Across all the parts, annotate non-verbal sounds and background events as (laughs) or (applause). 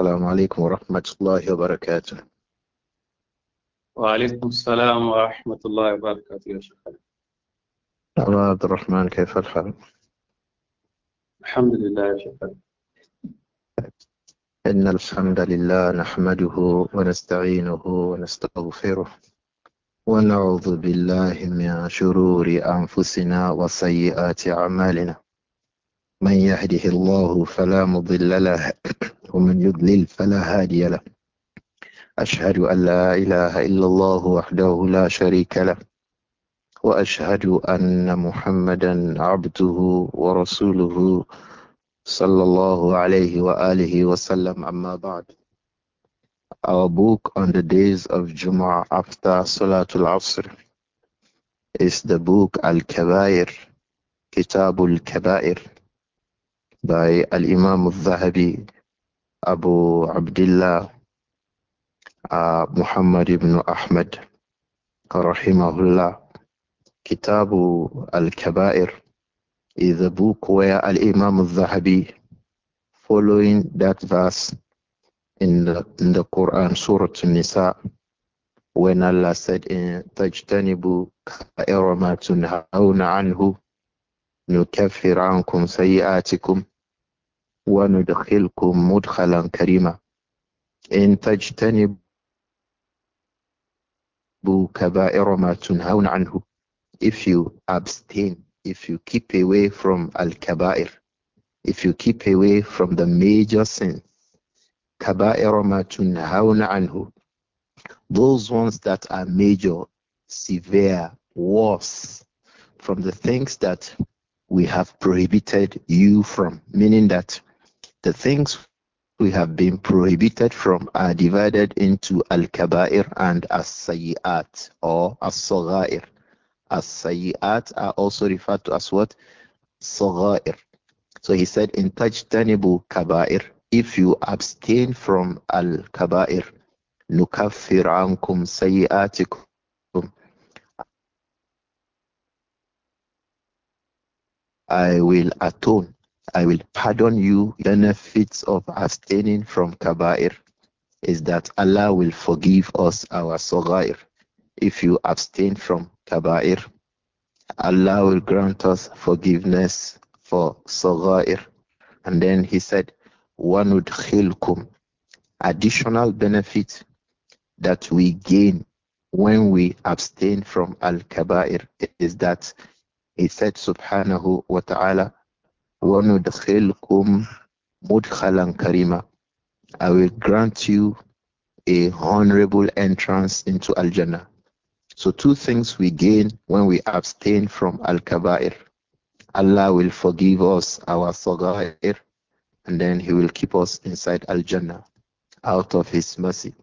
السلام عليكم ورحمة الله وبركاته وعليكم السلام ورحمة الله وبركاته يا شيخ أبو عبد الرحمن كيف الحال؟ الحمد لله يا شيخ إن الحمد لله نحمده ونستعينه ونستغفره ونعوذ بالله من شرور أنفسنا وسيئات أعمالنا من يهده الله فلا مضل له ومن يضلل فلا هادي له أشهد أن لا إله إلا الله وحده لا شريك له وأشهد أن محمدا عبده ورسوله صلى الله عليه وآله وسلم أما بعد Our book on the days of Jum'ah after Salatul Asr is the book Al-Kabair, Kitab Al-Kabair by Al-Imam Al-Zahabi أبو عبد الله محمد بن أحمد رحمه الله كتاب الكبائر is a book where Al-Imam al-Zahabi following that verse in the, in the Quran Surah النساء nisa when Allah said in tajtanibu ka'ira ma tunhauna anhu nukaffir ankum وندخلكم مدخلا كريما إن تجتنبوا كبائر ما تنهون عنه if you abstain if you keep away from al-kaba'ir if you keep away from the major sins كبائر ما تنهون عنه those ones that are major severe worse from the things that we have prohibited you from meaning that the things we have been prohibited from are divided into al-kaba'ir and as-sayyi'at or as-saghair. As-sayyi'at are also referred to as what? Saghair. So he said in tajtanibu kaba'ir, if you abstain from al-kaba'ir, nukaffir ankum sayyi'atikum I will atone I will pardon you. Benefits of abstaining from kaba'ir is that Allah will forgive us our sogair. If you abstain from kaba'ir, Allah will grant us forgiveness for sogair. And then he said, وَنُدْخِلْكُمْ Additional benefit that we gain when we abstain from al-kaba'ir is that he said subhanahu wa ta'ala وَنُدْخِلْكُمْ مُدْخَلًا كَرِيمًا I will grant you a honorable entrance into Al Jannah. So, two things we gain when we abstain from Al Kaba'ir Allah will forgive us our Sagair, and then He will keep us inside Al Jannah out of His mercy.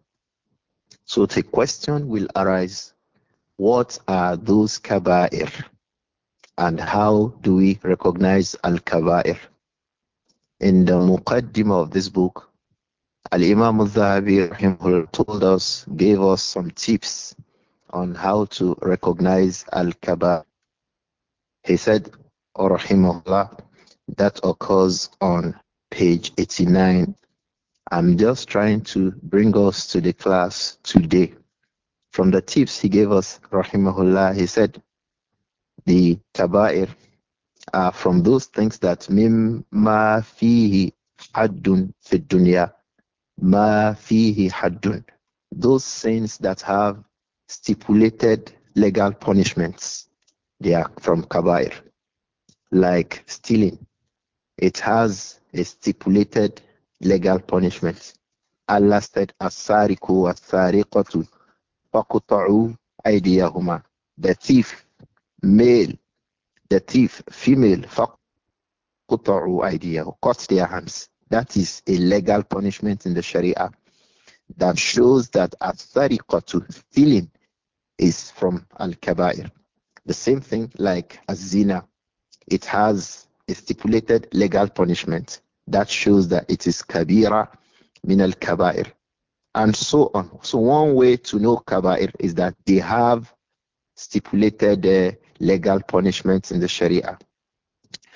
So, the question will arise what are those Kaba'ir? And how do we recognize Al Kaba'ir? In the Muqaddimah of this book, Al Imam Al Zahabi told us, gave us some tips on how to recognize Al Kaba'ir. He said, Rahimahullah, that occurs on page 89. I'm just trying to bring us to the class today. From the tips he gave us, Rahimahullah, he said, the kaba'ir are uh, from those things that mimma fihi haddun fid dunya ma fihi haddun those sins that have stipulated legal punishments they are from kaba'ir like stealing it has a stipulated legal punishment allah said asariku asariqatu faqta'u aydiyahuma the thief male, the thief, female, cut their hands. That is a legal punishment in the Sharia that shows that as-sariqatu, stealing, is from al-kabair. The same thing like az-zina. It has a stipulated legal punishment that shows that it is kabira min al-kabair and so on. So one way to know kabair is that they have stipulated uh, legal punishments in the Sharia.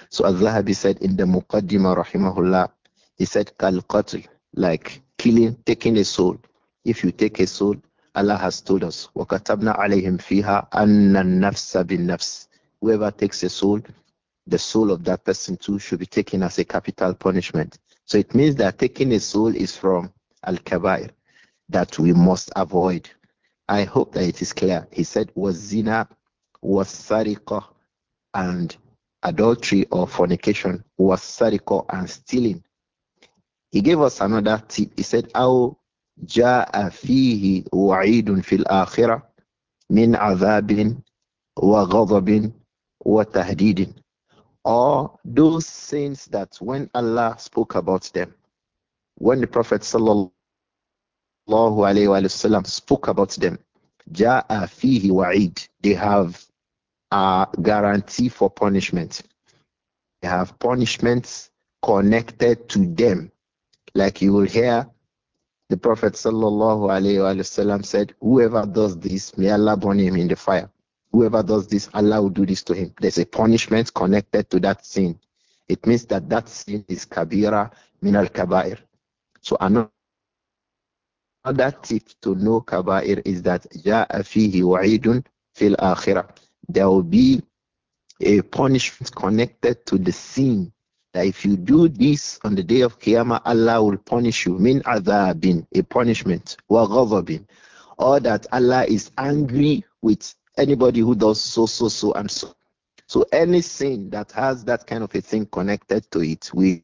So Al-Zahabi said in the Muqaddimah rahimahullah, he said kal qatl, like killing, taking a soul. If you take a soul, Allah has told us, وَكَتَبْنَا عَلَيْهِمْ فِيهَا أَنَّ النَّفْسَ بِالنَّفْسِ Whoever takes a soul, the soul of that person too should be taken as a capital punishment. So it means that taking a soul is from al-kabair that we must avoid. I hope that it is clear. He said, was zina, was sariqa, and adultery or fornication, was sariqa and stealing. He gave us another tip. He said, أو جاء فيه وعيد في الآخرة من عذاب وغضب وتهديد. Or those sins that when Allah spoke about them, when the Prophet sallallahu alayhi wa sallam spoke about them. Ja'a fihi wa'id. They have a guarantee for punishment. They have punishments connected to them. Like you will hear the Prophet sallallahu alayhi sallam said, Whoever does this, may Allah burn him in the fire. Whoever does this, Allah will do this to him. There's a punishment connected to that sin. It means that that sin is kabira min al kabair. So another Another tip to know kaba'ir is that jaa فِيهِ wa'idun fil akhirah. There will be a punishment connected to the sin. That if you do this on the day of Qiyamah, Allah will punish you. Min adhabin, a punishment. Wa ghadabin. Or that Allah is angry with anybody who does so, so, so, and so. So any sin that has that kind of a thing connected to it, we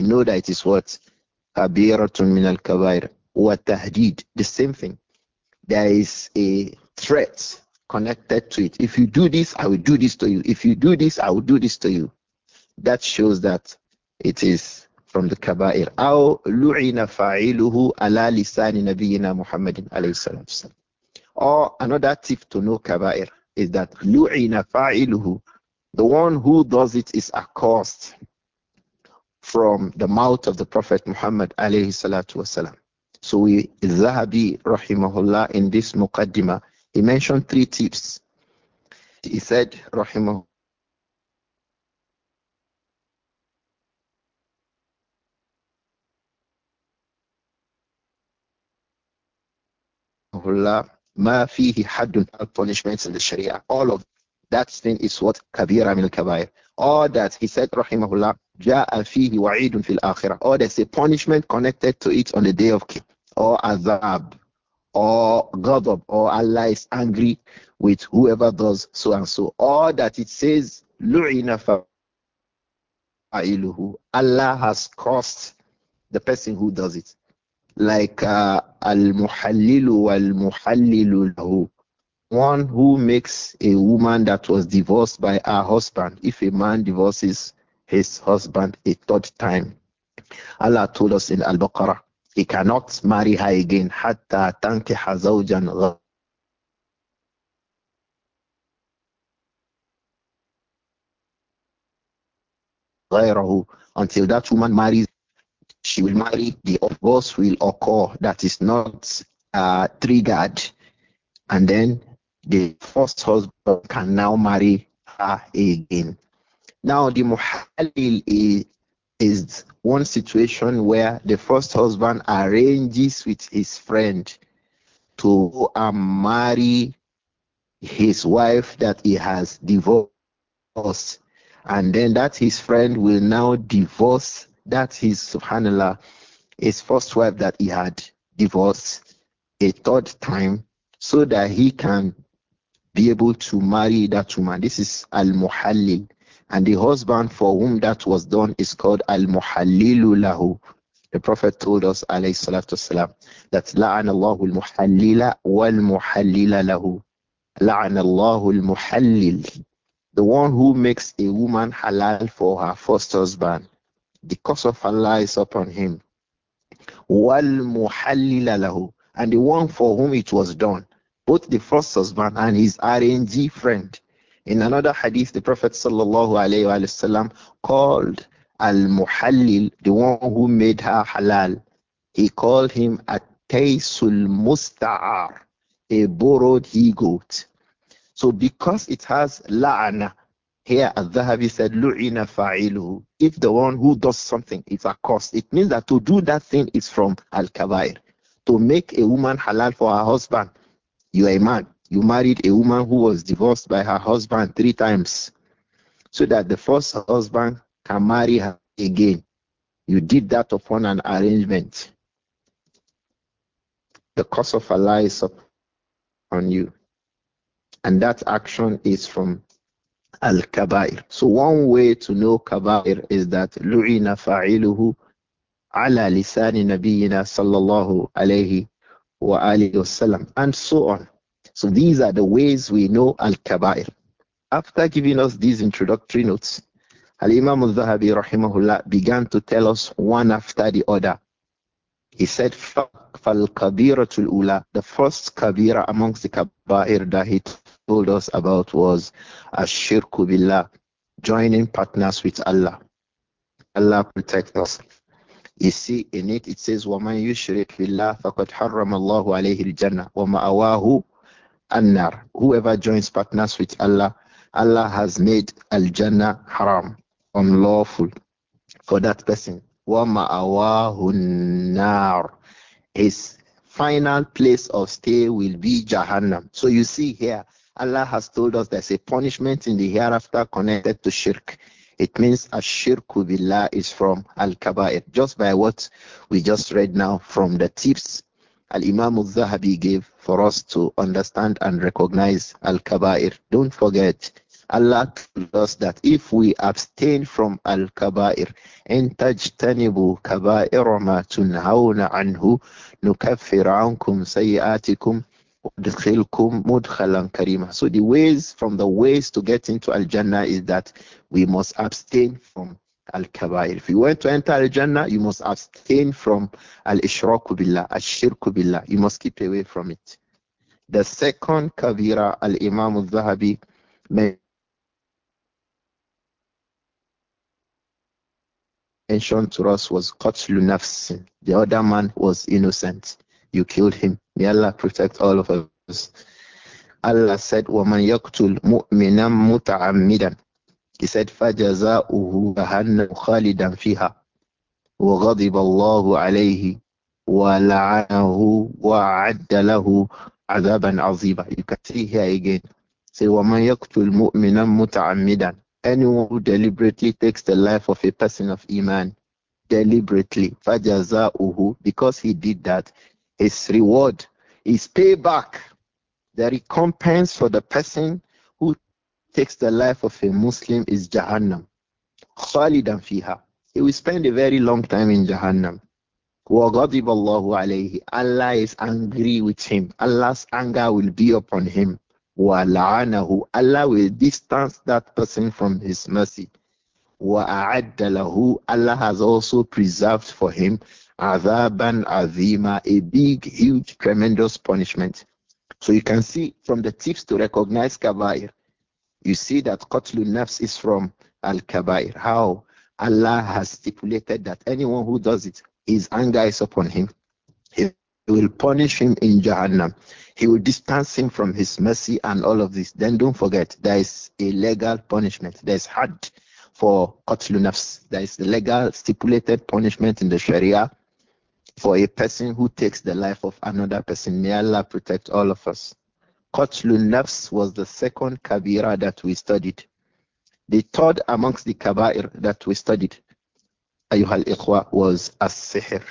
know that it is what? Kabiratun min al-kabair. وَتَهْدِيد The same thing. There is a threat connected to it. If you do this, I will do this to you. If you do this, I will do this to you. That shows that it is from the kaba'ir. أو لعن فاعله على لسان نبينا محمد عليه الصلاة والسلام. Or another tip to know kaba'ir is that لعن فاعله the one who does it is accursed from the mouth of the Prophet Muhammad alayhi salatu wasalam. So we, Zahabi, rahimahullah, in this muqaddimah, he mentioned three tips. He said, rahimahullah, ma fihi haddun punishments in the Sharia. All of that thing is what kabira min kabair. All that he said, rahimahullah, ja'a fihi wa'idun fil akhirah. All there's a punishment connected to it on the day of or azab or ghadab or Allah is angry with whoever does so and so or that it says lu'ina fa'iluhu Allah has cursed the person who does it like uh, al muhallilu wal muhallilu lahu one who makes a woman that was divorced by her husband if a man divorces his husband a third time Allah told us in Al-Baqarah he cannot marry her again. Hatta until that woman marries she will marry the divorce will occur that is not uh, triggered and then the first husband can now marry her again now the muhalil is one situation where the first husband arranges with his friend to um, marry his wife that he has divorced. And then that his friend will now divorce that his subhanallah, his first wife that he had divorced a third time so that he can be able to marry that woman. This is al muhallil and the husband for whom that was done is called Al Muhallilu Lahu. The Prophet told us, alayhi salatu that La'an Allahu al Muhallila wal Muhallila Lahu. La'an Allahu al Muhallil. The one who makes a woman halal for her first husband. The curse of Allah is upon him. Wal Muhallila Lahu. And the one for whom it was done, both the first husband and his RNG friend in another hadith, the Prophet وسلم, called Al Muhallil, the one who made her halal, he called him a Taisul Musta'ar, a borrowed he goat. So because it has La'ana, here Al-Dhahabi said Lu'ina fa'iluhu. If the one who does something is accursed, it means that to do that thing is from Al-Kabair. To make a woman halal for her husband, you are a man. You married a woman who was divorced by her husband three times so that the first husband can marry her again. You did that upon an arrangement. The curse of lie is upon you. And that action is from Al Kabair. So, one way to know Kabair is that Lu'ina fa'iluhu ala lisani nabiyina sallallahu alayhi wa alihi wasallam, and so on. So these are the ways we know Al-Kaba'ir. After giving us these introductory notes, Al-Imam al-Zahabi rahimahullah began to tell us one after the other. He said, Kabiratul ula." The first kabira amongst the kaba'ir that he told us about was Ashirku Billah, joining partners with Allah. Allah protect us. You see in it, it says, وَمَنْ يُشْرِكْ بِاللَّهِ فَقَدْ حَرَّمَ اللَّهُ عَلَيْهِ الْجَنَّةِ وَمَأَوَاهُ annar. Whoever joins partners with Allah, Allah has made al Jannah haram, unlawful for that person. nar. His final place of stay will be Jahannam. So you see here, Allah has told us there's a punishment in the hereafter connected to shirk. It means shirku billah is from al kabair, just by what we just read now from the tips Al Imam al Zahabi gave for us to understand and recognize Al Kaba'ir. Don't forget, Allah told us that if we abstain from Al Kaba'ir, and tajtanibu kaba'ir ma tunhawna anhu, nukaffir ankum sayyatikum mudkhilkum mudkhalan karima. So the ways from the ways to get into Al Jannah is that we must abstain from al-kabair. If you want to enter al-Jannah, you must abstain from al-ishraku billah, al-shirku billah. You must keep away from it. The second kabira al-Imam al-Zahabi mentioned to us was qatlu nafsin. The other man was innocent. You killed him. May Allah protect all of us. Allah said, وَمَنْ يَقْتُلْ مُؤْمِنًا مُتَعَمِّدًا he said, فَجَزَاؤُهُ جَهَنَّمُ خَالِدًا فِيهَا وَغَضِبَ اللَّهُ عَلَيْهِ وَلَعَنَهُ وَعَدَّ لَهُ عَذَابًا عَظِيمًا You can see here again. Say, وَمَنْ يَقْتُلْ مُؤْمِنًا مُتَعَمِّدًا Anyone who deliberately takes the life of a person of Iman, deliberately, فَجَزَاؤُهُ Because he did that, his reward, his payback, the recompense for the person takes the life of a Muslim is Jahannam. Khalidan fiha. He will spend a very long time in Jahannam. Allah is angry with him. Allah's anger will be upon him. Allah will distance that person from his mercy. Allah has also preserved for him azaban azima, A big, huge, tremendous punishment. So you can see from the tips to recognize kabair you see that qatlun Nafs is from Al Kabair. How Allah has stipulated that anyone who does it, his anger is upon him. He will punish him in Jahannam. He will distance him from his mercy and all of this. Then don't forget, there is a legal punishment. There is had for qatlun Nafs. There is the legal stipulated punishment in the Sharia for a person who takes the life of another person. May Allah protect all of us. Kotlun Nafs was the second Kabira that we studied. The third amongst the Kabair that we studied, Ayuhal Ikhwa, was As-Sihr.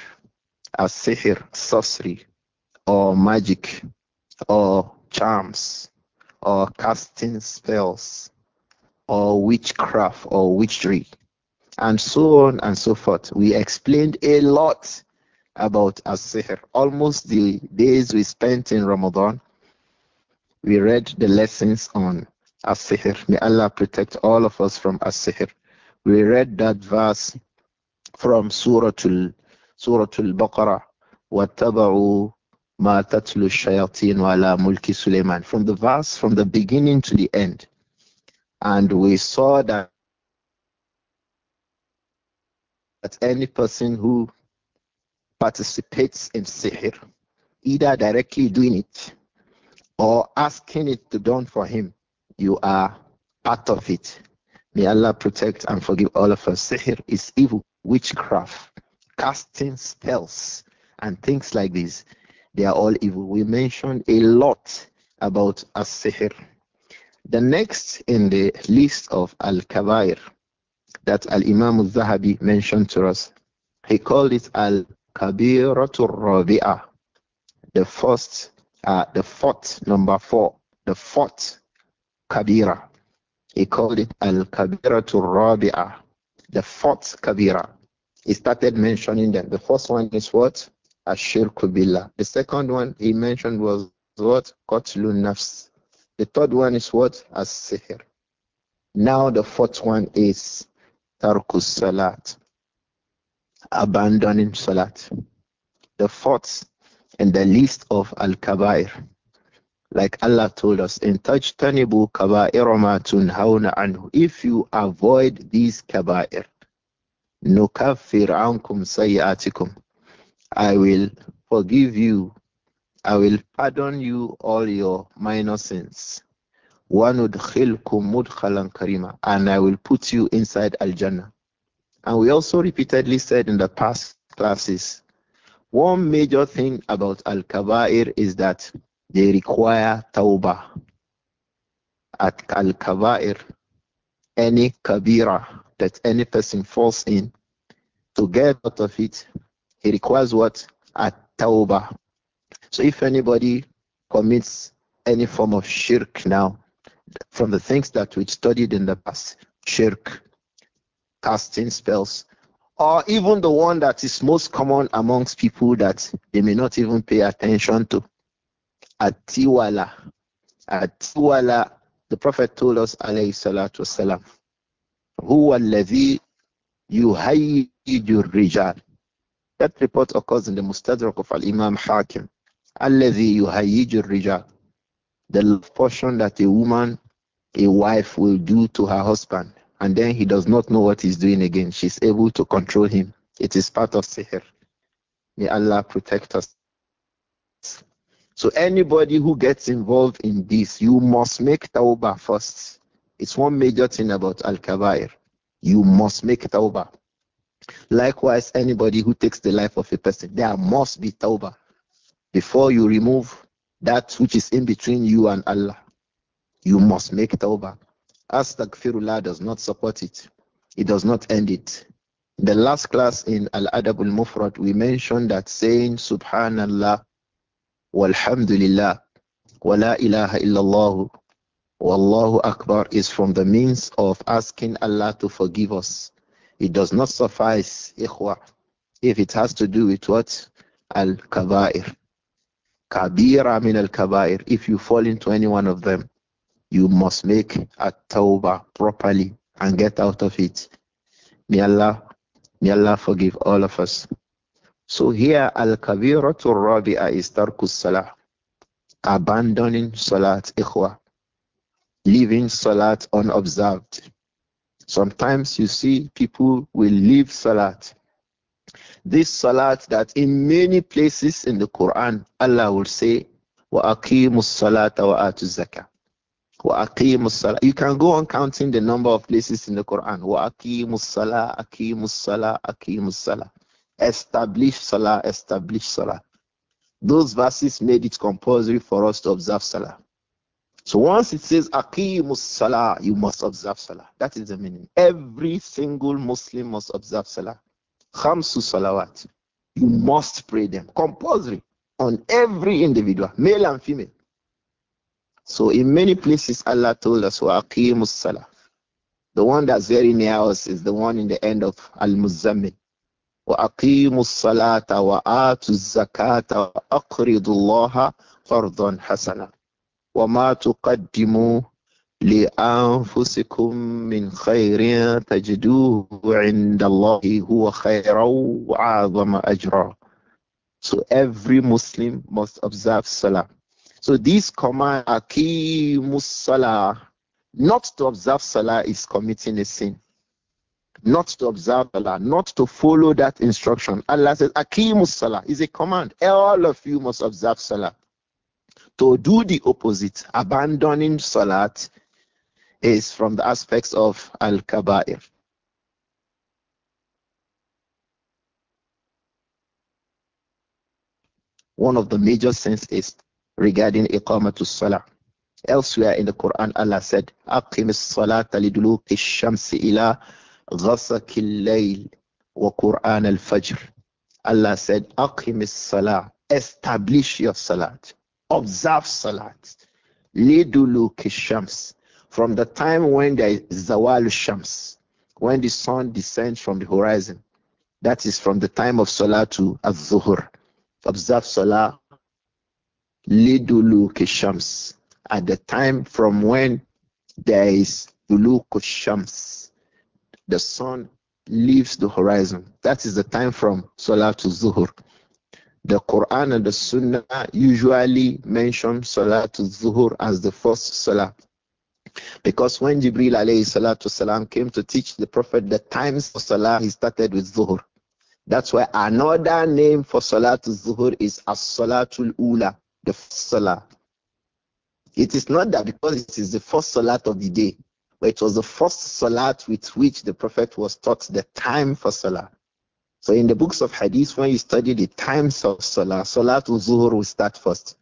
As-Sihr, sorcery, or magic, or charms, or casting spells, or witchcraft, or witchery, and so on and so forth. We explained a lot about As-Sihr. Almost the days we spent in Ramadan we read the lessons on as May Allah protect all of us from as We read that verse from Surah Al-Baqarah. وَاتَّبَعُوا مَا تَتْلُو الشَّيَاطِينُ وَعَلَى From the verse, from the beginning to the end. And we saw that that any person who participates in sihr, either directly doing it or asking it to done for him, you are part of it. May Allah protect and forgive all of us. Sihr is evil, witchcraft, casting spells, and things like this. They are all evil. We mentioned a lot about as-sihr. The next in the list of al-kabair that al-Imam al-Zahabi mentioned to us, he called it al-kabiratul rabi'ah, the first uh, the fourth, number four, the fourth Kabira. He called it Al Kabira to Rabia. the fourth Kabira. He started mentioning them. The first one is what? Ashir Kubila. The second one he mentioned was what? Qatlun Nafs. The third one is what? as Now the fourth one is Tarkus Salat, abandoning Salat. The fourth in the list of Al Kabair. Like Allah told us, in touch tanibu hauna anhu. If you avoid these kabair, nukafir ankum sayyatikum. I will forgive you. I will pardon you all your minor sins. وَنُدْخِلْكُمْ مُدْخَلًا karima, And I will put you inside Al-Jannah. And we also repeatedly said in the past classes one major thing about Al Kaba'ir is that they require tawbah. At Al Kaba'ir, any Kabira that any person falls in, to get out of it, he requires what? At tawbah. So if anybody commits any form of shirk now, from the things that we studied in the past, shirk, casting spells, or even the one that is most common amongst people that they may not even pay attention to. Atiwala. Atiwala, the Prophet told us, alayhi salatu wasalam, huwa alladhi rijal. That report occurs in the Mustadrak of Al-Imam Hakim. Alladhi yuhayyidu rijal. The portion that a woman, a wife will do to her husband and then he does not know what he's doing again. She's able to control him. It is part of sihr. May Allah protect us. So anybody who gets involved in this, you must make tawbah first. It's one major thing about al-kabair. You must make tawbah. Likewise, anybody who takes the life of a person, there must be tawbah before you remove that which is in between you and Allah. You must make tawbah. Astaghfirullah does not support it. It does not end it. the last class in Al Adabul Mufrad, we mentioned that saying Subhanallah, Walhamdulillah, Wala ilaha illallah, Wallahu Akbar is from the means of asking Allah to forgive us. It does not suffice, ikhwa, if it has to do with what? Al Kabair. Kabira min al Kabair, if you fall into any one of them you must make a tawbah properly and get out of it. May Allah, may Allah forgive all of us. So here, al-kabiratu rabi'a is tarkus salah, abandoning salat ikhwa, leaving salat unobserved. Sometimes you see people will leave salat. This salat that in many places in the Quran, Allah will say, wa aqimus salata wa atu zakah you can go on counting the number of places in the Quran. وَأَقِيمُ الصَّلَاةِ أَقِيمُ الصَّلَاةِ أَقِيمُ الصَّلَاةِ Establish Salah, establish Salah. Those verses made it compulsory for us to observe Salah. So once it says Aqimus Salah, you must observe Salah. That is the meaning. Every single Muslim must observe Salah. Khamsu Salawat. You must pray them. Compulsory on every individual, male and female. So in many places, Allah told us, "Waqimus salah." The one that's very near us is the one in the end of Al-Muzammil. "Waqimus salata wa atu zakata wa aqridu Allaha fardhan hasana wa ma tuqaddimu li anfusikum min khairin tajiduhu 'inda Allahi huwa khairan wa 'azama ajral. So every Muslim must observe salah. So this command akimus salah, not to observe salah is committing a sin. Not to observe salah, not to follow that instruction. Allah says akimus salah is a command. All of you must observe salah. To do the opposite, abandoning salat, is from the aspects of al kabair. One of the major sins is regarding iqamatu salah. Elsewhere in the Quran, Allah said, "Aqimis salata liduluki shamsi ila al layl wa Quran al-fajr." Allah said, "Aqimis salah, establish your salat, observe salat, liduluki shams." From the time when there is zawal shams, when the sun descends from the horizon, that is from the time of Salat to zuhur Observe salah Lidulu Kishams, at the time from when there is Duluku Shams, the sun leaves the horizon. That is the time from Salah to Zuhur. The Quran and the Sunnah usually mention Salah to Zuhur as the first Salah. Because when Jibril alayhi salatu salam came to teach the Prophet the times of Salah, he started with Zuhur. That's why another name for Salatul Zuhur is As Salatul Ula the salah. It is not that because it is the first salat of the day, but it was the first salat with which the Prophet was taught the time for salah. So in the books of hadith, when you study the times of salah, salat zuhur will start first.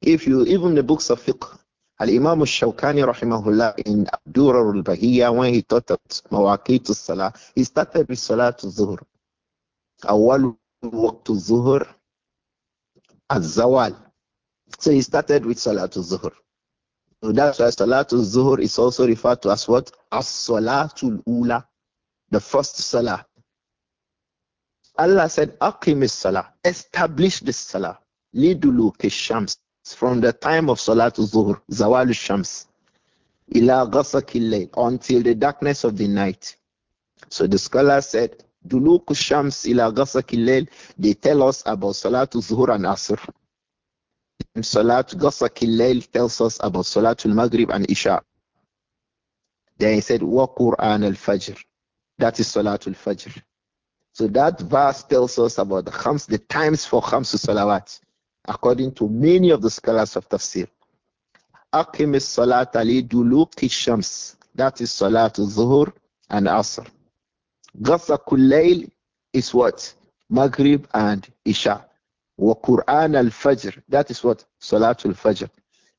If you even the books of fiqh, Al Imam Shawkani rahimahullah in Abdur al Bahiyya when he taught at Mawaqit salah, he started with salat zuhur. Awal waqt zuhur zawal, So he started with Salatul Zuhur. So that's why Salatul Zuhur is also referred to as what? As Salatul Ula, the first Salah. Allah said, Aqimis Salah, establish this Salah. Liduluki Shams, from the time of Salatul Zuhur, Zawal Shams, ila ghasakil until the darkness of the night. So the scholar said, Duluk shams ila ghasakil they tell us about Salatul Zuhur and Asr. And Salatul tells us about Salatul Maghrib and Isha. Then he said, Wa Quran al Fajr. That is Salatul Fajr. So that verse tells us about the khams, the times for khams salawat, according to many of the scholars of tafsir. Akim salat ali duluk shams. That is salatul zuhur and asr. Ghasakul is what? Maghrib and Isha. Wa Quran al Fajr. That is what? Salatul Fajr.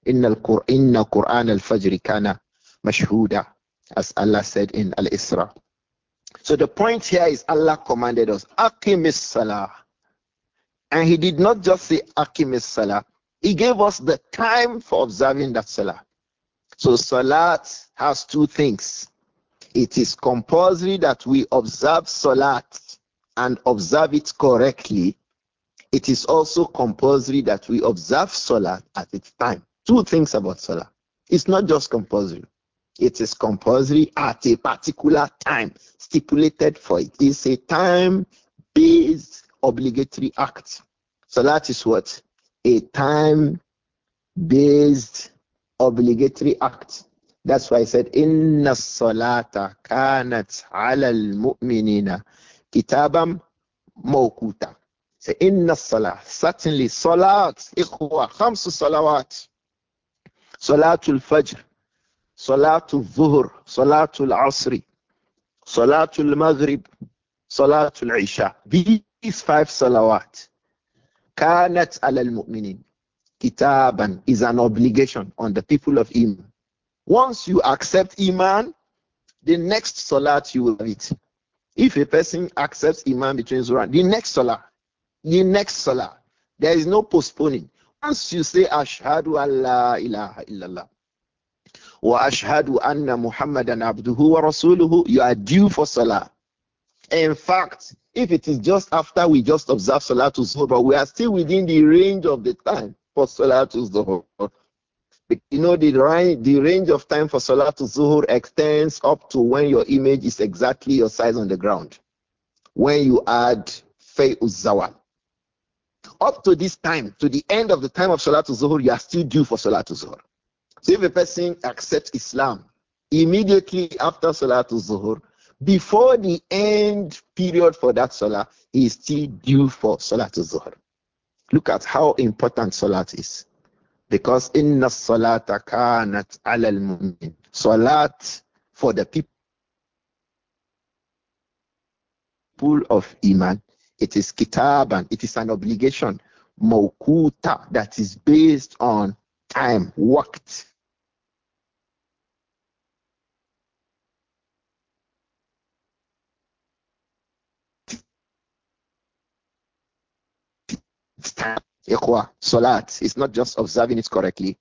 Inna Quran al Fajr kana mashhuda. As Allah said in Al Isra. So the point here is Allah commanded us, Akimis Salah. And He did not just say Akimis Salah, He gave us the time for observing that Salah. So Salat has two things it is compulsory that we observe Salat and observe it correctly, it is also compulsory that we observe Salat at its time. Two things about Salat. It's not just compulsory. It is compulsory at a particular time stipulated for it. It's a time-based obligatory act. Salat is what? A time-based obligatory act. That's why I said, Inna salata kanat ala al-mu'minina kitabam mawkuta. Say, Inna Salat Certainly, salat, ikhwa, khamsu salawat. Salatul fajr, salatul zuhur, salatul asri, salatul maghrib, salatul isha. These five salawat. Kanat ala al-mu'minin. Kitaban is an obligation on the people of Iman. Once you accept Iman, the next Salat you will have it. If a person accepts Iman between Zuran, the next Salah, the next Salah, there is no postponing. Once you say Ashhadu Allah ilaha illallah wa Ashhadu anna Muhammadan abduhu wa rasuluhu, you are due for Salah. In fact, if it is just after we just observe salah to Zuhr, we are still within the range of the time for salah to Zuhr. You know, the, the range of time for Salatul Zuhur extends up to when your image is exactly your size on the ground. When you add Fay'uz Zawal. Up to this time, to the end of the time of Salatul Zuhur, you are still due for Salatul Zuhur. So if a person accepts Islam immediately after Salatul Zuhur, before the end period for that Salah, he is still due for Salatul Zuhur. Look at how important Salat is. Because inna salata kanat al mu'min. Salat for the people of Iman. It is kitaban. It is an obligation. Mawkuta that is based on time, worked. Time. Ikhwa, Salat, it's not just observing it correctly.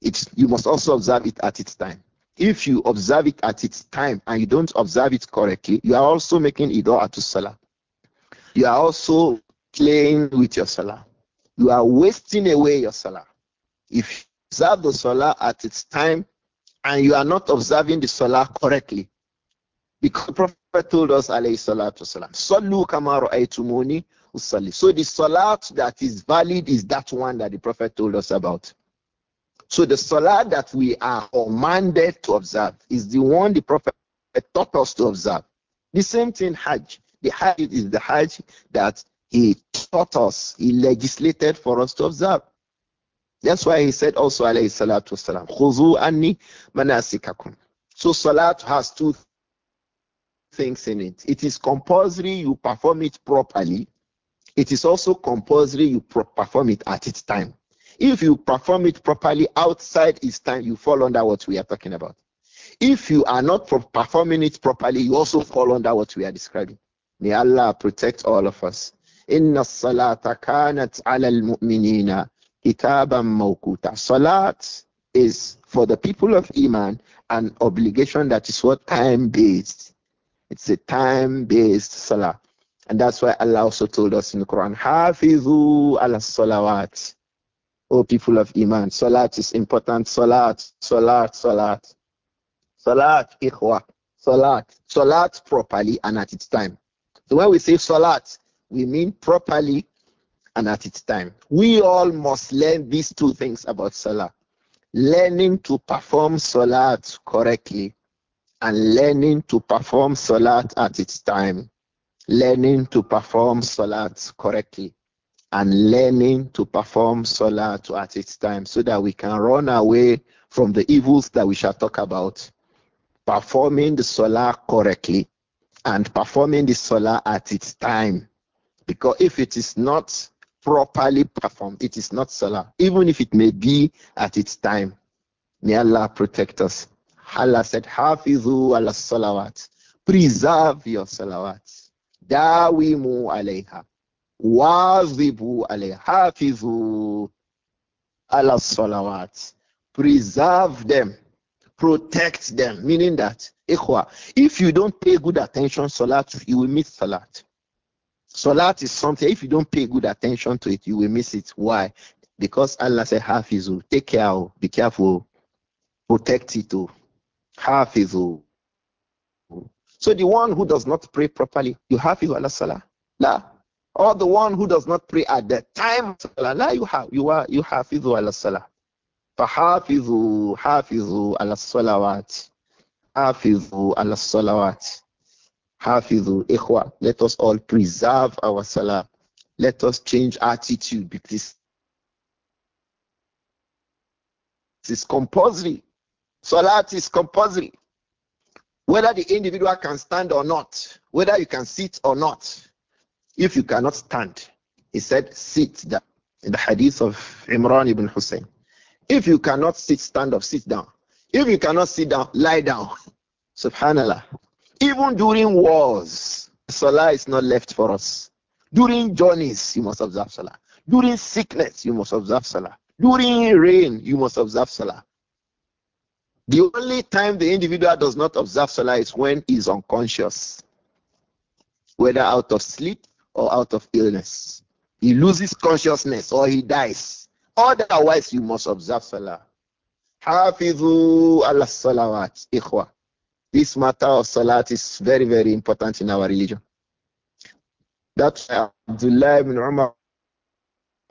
It's, you must also observe it at its time. If you observe it at its time and you don't observe it correctly, you are also making at the Salah. You are also playing with your Salah. You are wasting away your Salah. If you observe the Salah at its time and you are not observing the Salah correctly, because the Prophet told us, alayhi salatu salam, Sallu kama ra'aytumuni so the salat that is valid is that one that the Prophet told us about. So the salat that we are commanded to observe is the one the Prophet taught us to observe. The same thing Hajj. The Hajj is the Hajj that he taught us, he legislated for us to observe. That's why he said also alayhi salatu wasalam, khuzu anni manasikakum. So salat has two things in it. It is compulsory, you perform it properly, it is also compulsory you perform it at its time. If you perform it properly outside its time, you fall under what we are talking about. If you are not performing it properly, you also fall under what we are describing. May Allah protect all of us. إن الصلاة كانت al المؤمنين كتابا موقوتا. Salat is for the people of Iman an obligation that is what time based. It's a time based salah. And that's why Allah also told us in the Quran, Hafizu ala salawat. O people of Iman, salat is important. Salat, salat, salat. Salat, ikhwa. Salat. Salat properly and at its time. So when we say salat, we mean properly and at its time. We all must learn these two things about salah. Learning to perform salat correctly and learning to perform salat at its time learning to perform salat correctly and learning to perform salat at its time so that we can run away from the evils that we shall talk about. Performing the salat correctly and performing the salat at its time. Because if it is not properly performed, it is not salah, even if it may be at its time. May Allah protect us. Allah said, Hafizu ala salawat. Preserve your salawat dawimu alayha wazibu alayha hafizu ala salawat preserve them protect them meaning that ikhwa if you don't pay good attention salat you will miss salat salat is something if you don't pay good attention to it you will miss it why because allah said hafizu take care oh, be careful oh. protect it oh hafizu so the one who does not pray properly, you have you ala salah. La. Or the one who does not pray at the time salah, la you have you are you have you ala salah. فحافظوا حافظوا على الصلوات حافظوا على الصلوات حافظوا إخوة let us all preserve our salah let us change attitude because this is compulsory salat is compulsory whether the individual can stand or not, whether you can sit or not. If you cannot stand, he said, sit down. In the hadith of Imran ibn Hussein. If you cannot sit, stand up, sit down. If you cannot sit down, lie down. (laughs) Subhanallah. Even during wars, Salah is not left for us. During journeys, you must observe Salah. During sickness, you must observe Salah. During rain, you must observe Salah. The only time the individual does not observe Salah is when he is unconscious, whether out of sleep or out of illness. He loses consciousness or he dies. Otherwise, you must observe Salah. ala salawat, ikhwa. This matter of Salat is very, very important in our religion. That's Abdullah ibn Umar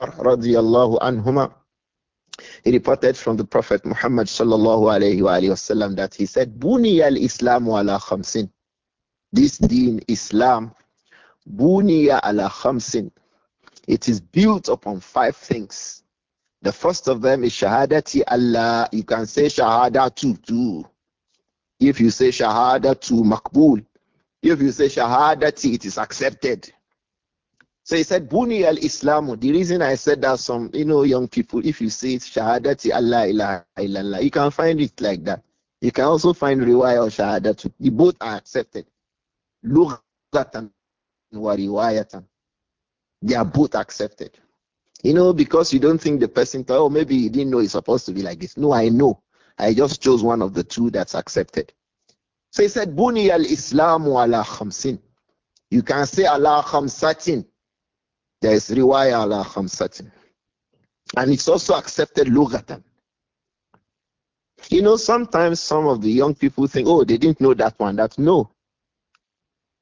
radiallahu anhumah he reported from the Prophet Muhammad sallallahu alayhi wa wasallam that he said, Buni al Islam ala khamsin. This deen Islam, Buniya ala khamsin. It is built upon five things. The first of them is Shahadati Allah. You can say Shahada too, too. If you say Shahada to Makbul, if you say Shahadati, it is accepted. So he said, Buni al Islamu. The reason I said that some, you know, young people, if you say it, Shahadati Allah ilaha illallah, you can find it like that. You can also find riwayat or shahadatu. The both are accepted. Lughatan wa riwayatan. They are both accepted. You know, because you don't think the person, oh, maybe you didn't know it's supposed to be like this. No, I know. I just chose one of the two that's accepted. So he said, Buni al Islamu ala khamsin. You can say Allah khamsatin. There is riwayah ala khamsatin. And it's also accepted lugatan. You know, sometimes some of the young people think, oh, they didn't know that one. That no.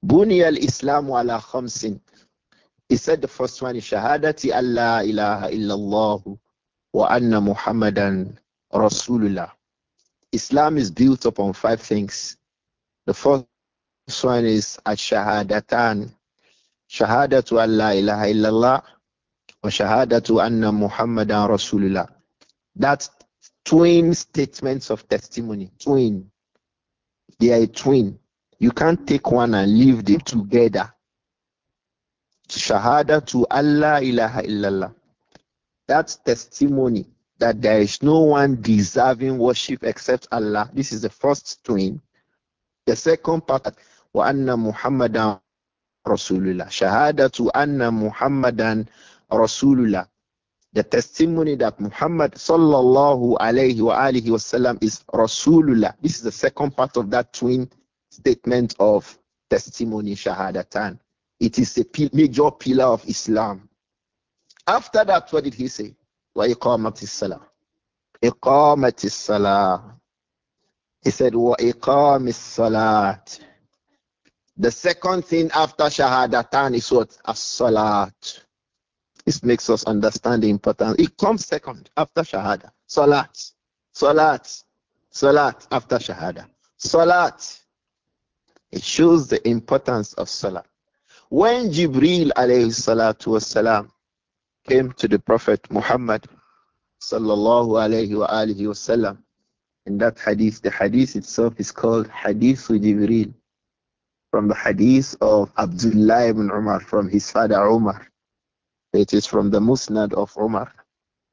Buni al Islam ala khamsin. He said the first one is Shahadati Allah ilaha illallah wa anna Muhammadan Rasulullah. Islam is built upon five things. The first one is shahadatan. Shahadatu an la ilaha or Shahada to anna Muhammadan Rasulullah. That's twin statements of testimony. Twin. They are a twin. You can't take one and leave them together. Shahada to Allah ilaha illallah. That's testimony that there is no one deserving worship except Allah. This is the first twin. The second part, wa anna Muhammadan Rasulullah. Shahadatu anna Muhammadan Rasulullah. The testimony that Muhammad sallallahu alayhi wa alihi wasallam is Rasulullah. This is the second part of that twin statement of testimony, Shahadatan. It is a major pillar of Islam. After that, what did he say? Wa iqamati salah. Iqamati salah. He said, Wa iqamati salat the second thing after Shahadatan is what? As-salat. This makes us understand the importance. It comes second after Shahada. Salat. Salat. Salat after Shahada. Salat. It shows the importance of Salat. When Jibril alayhi salatu wasalam came to the Prophet Muhammad sallallahu alayhi wa alihi in that hadith, the hadith itself is called Hadith Jibril from the hadith of Abdullah ibn Umar from his father Umar. It is from the Musnad of Umar,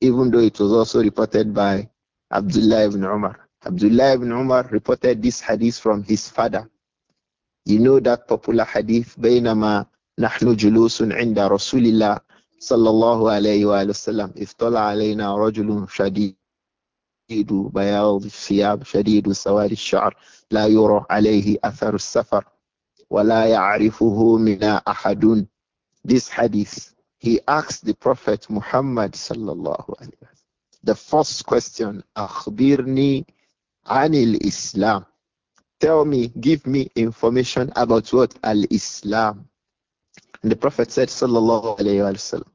even though it was also reported by Abdullah ibn Umar. Abdullah ibn Umar reported this hadith from his father. You know that popular hadith, بينما نحن جلوس عند رسول الله صلى الله عليه وآله وسلم افتلى علينا رجل شديد بياض الثياب شديد سواد الشعر لا يرى عليه أثر السفر وَلَا يَعْرِفُهُ مِنَا أَحَدٌ This hadith, he asked the Prophet Muhammad sallallahu alaihi wasallam. The first question, أَخْبِرْنِي عَنِ Islam. Tell me, give me information about what? Al-Islam. And the Prophet said sallallahu alaihi wasallam,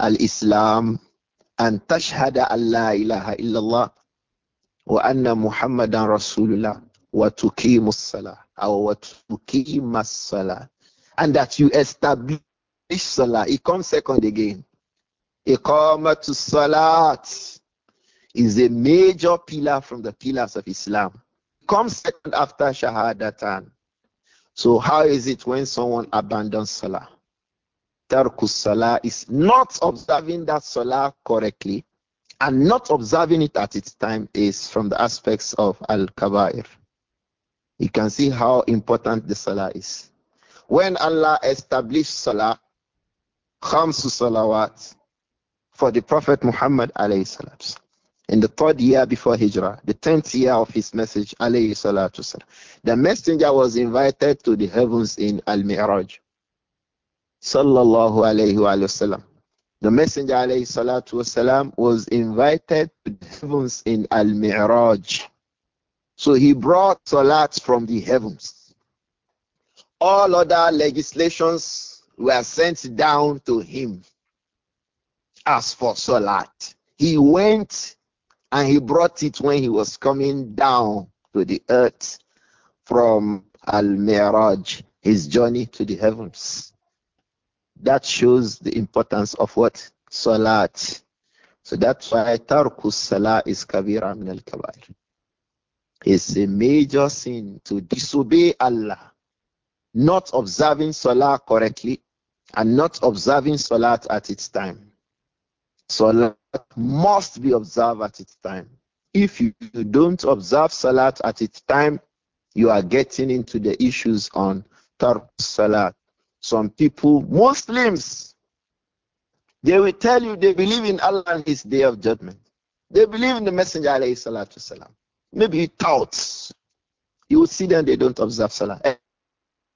Al-Islam أن تشهد أن لا إله إلا الله وأن محمدا رسول الله وتقيم أو وتقيم masala, and that you establish salah. It comes second again. to salat is a major pillar from the pillars of Islam. comes second after shahadatan. So how is it when someone abandons salah? Tarkus salah is not observing that salah correctly and not observing it at its time is from the aspects of al-kabair. You can see how important the salah is. When Allah established salah, khamsu salawat, for the Prophet Muhammad alayhi salatu in the third year before Hijrah, the tenth year of his message, alayhi salatu The messenger was invited to the heavens in Al-Mi'raj. Sallallahu alayhi wa sallam. The messenger alayhi salatu was invited to the heavens in Al-Mi'raj. So he brought salat from the heavens. All other legislations were sent down to him. As for salat, he went and he brought it when he was coming down to the earth from Al Miraj, his journey to the heavens. That shows the importance of what? Salat. So that's why Tarkus Salah is Kabira min al Kabair. It's a major sin to disobey Allah, not observing Salah correctly and not observing Salat at its time. Salat must be observed at its time. If you don't observe Salat at its time, you are getting into the issues on Tarq Salat. Some people, Muslims, they will tell you they believe in Allah and His Day of Judgment. They believe in the Messenger alayhi salatu salam. Maybe he You will see them, they don't observe Salah.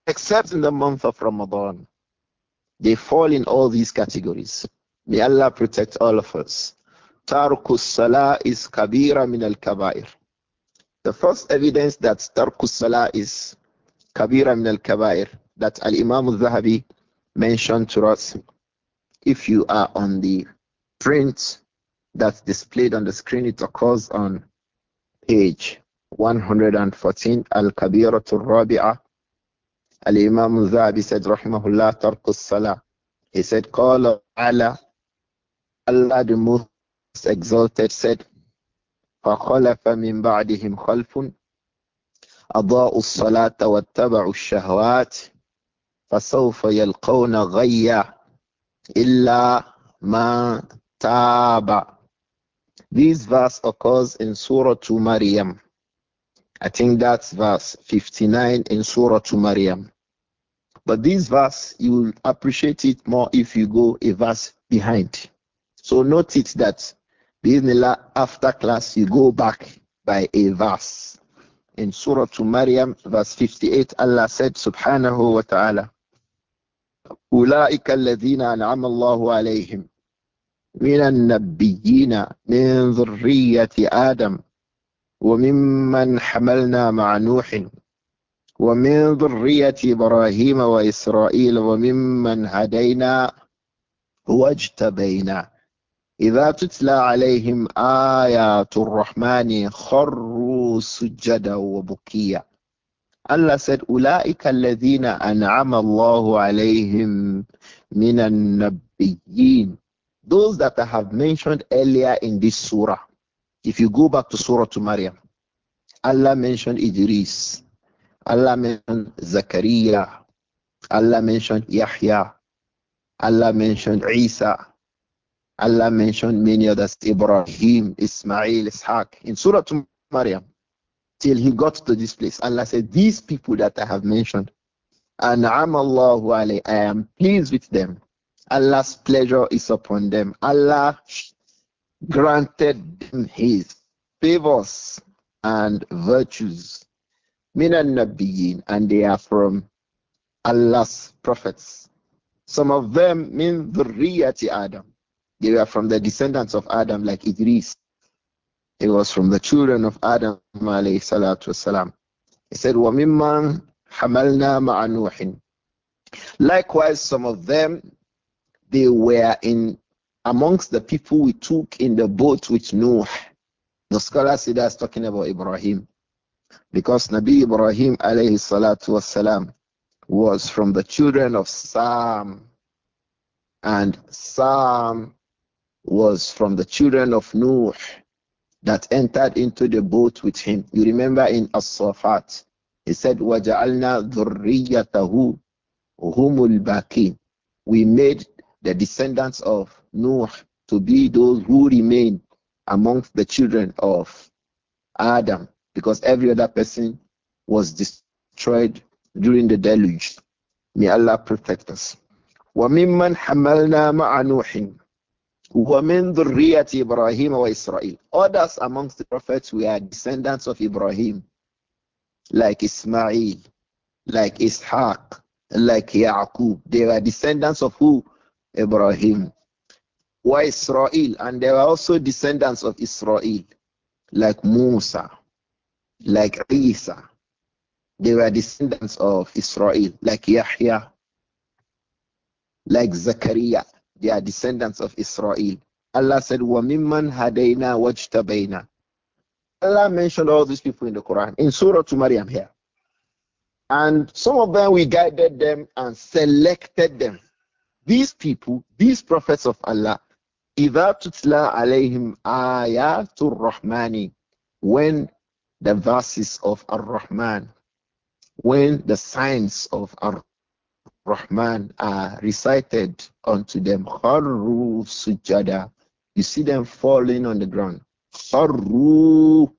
Except in the month of Ramadan. They fall in all these categories. May Allah protect all of us. Tarkus Salah is Kabira min al Kabair. The first evidence that Tarkus Salah is Kabira min al Kabair that Al Imam al Zahabi mentioned to us. If you are on the print that's displayed on the screen, it occurs on page 114 الكبيرة الرابعة الإمام الذهبي said رحمه الله ترك الصلاة he said قال على Allah the most exalted said فخلف من بعدهم خلف أضاءوا الصلاة واتبعوا الشهوات فسوف يلقون غيا إلا ما تاب This verse occurs in Surah to Maryam. I think that's verse 59 in Surah to Maryam. But this verse, you will appreciate it more if you go a verse behind. So note it that after class, you go back by a verse. In Surah to Maryam, verse 58, Allah said, Subhanahu wa ta'ala, أولئك الذين أنعم الله عليهم من النبيين من ذرية آدم وممن حملنا مع نوح ومن ذرية إبراهيم وإسرائيل وممن هدينا واجتبينا إذا تتلى عليهم آيات الرحمن خروا سجدا وبكيا الله said, أولئك الذين أنعم الله عليهم من النبيين Those that I have mentioned earlier in this surah, if you go back to Surah to Maryam, Allah mentioned Idris, Allah mentioned Zakaria, Allah mentioned Yahya, Allah mentioned Isa, Allah mentioned many others, Ibrahim, Ismail, Ishaq, in Surah to Maryam, till he got to this place. Allah said, These people that I have mentioned, and I'm Allah, I am pleased with them. Allah's pleasure is upon them. Allah granted them his favors and virtues. Minan Nabiyyin, and they are from Allah's prophets. Some of them the dhurriyati Adam. They were from the descendants of Adam, like Idris. It was from the children of Adam, alayhi salatu wasalam. He said, وَمِمَّنْ حَمَلْنَا مَعَ نُوحٍ Likewise, some of them they were in amongst the people we took in the boat with Noah. The scholar said that's talking about Ibrahim. Because Nabi Ibrahim alayhi salatu wasalam was from the children of Sam. And Sam was from the children of Noah that entered into the boat with him. You remember in As-Safat, he said, وَجَعَلْنَا ذُرِّيَّتَهُ هُمُ الْبَاقِينَ We made the descendants of Noah to be those who remain amongst the children of Adam, because every other person was destroyed during the deluge. May Allah protect us. وَمِمَّنْ حَمَلْنَا مَعَ نُوحٍ وَمِنْ ذُرِّيَّةِ إِبْرَاهِيمَ وَإِسْرَائِيلَ Others amongst the prophets are descendants of Ibrahim, like Ismail, like Ishaq, like Yaqub. They are descendants of who? Ibrahim. Wa Israel, and there were also descendants of Israel, like Musa, like Isa. They were descendants of Israel, like Yahya, like Zachariah. They are descendants of Israel. Allah said, وَمِمَّنْ هَدَيْنَا وَاجْتَبَيْنَا Allah mentioned all these people in the Quran, in Surah to Maryam here. And some of them we guided them and selected them. These people, these prophets of Allah, إِذَا تُتْلَى عَلَيْهِمْ آيَاتُ الرَّحْمَنِ When the verses of Ar-Rahman, when the signs of Ar-Rahman are recited unto them, خَرُّوا sujada, You see them falling on the ground. خَرُّوا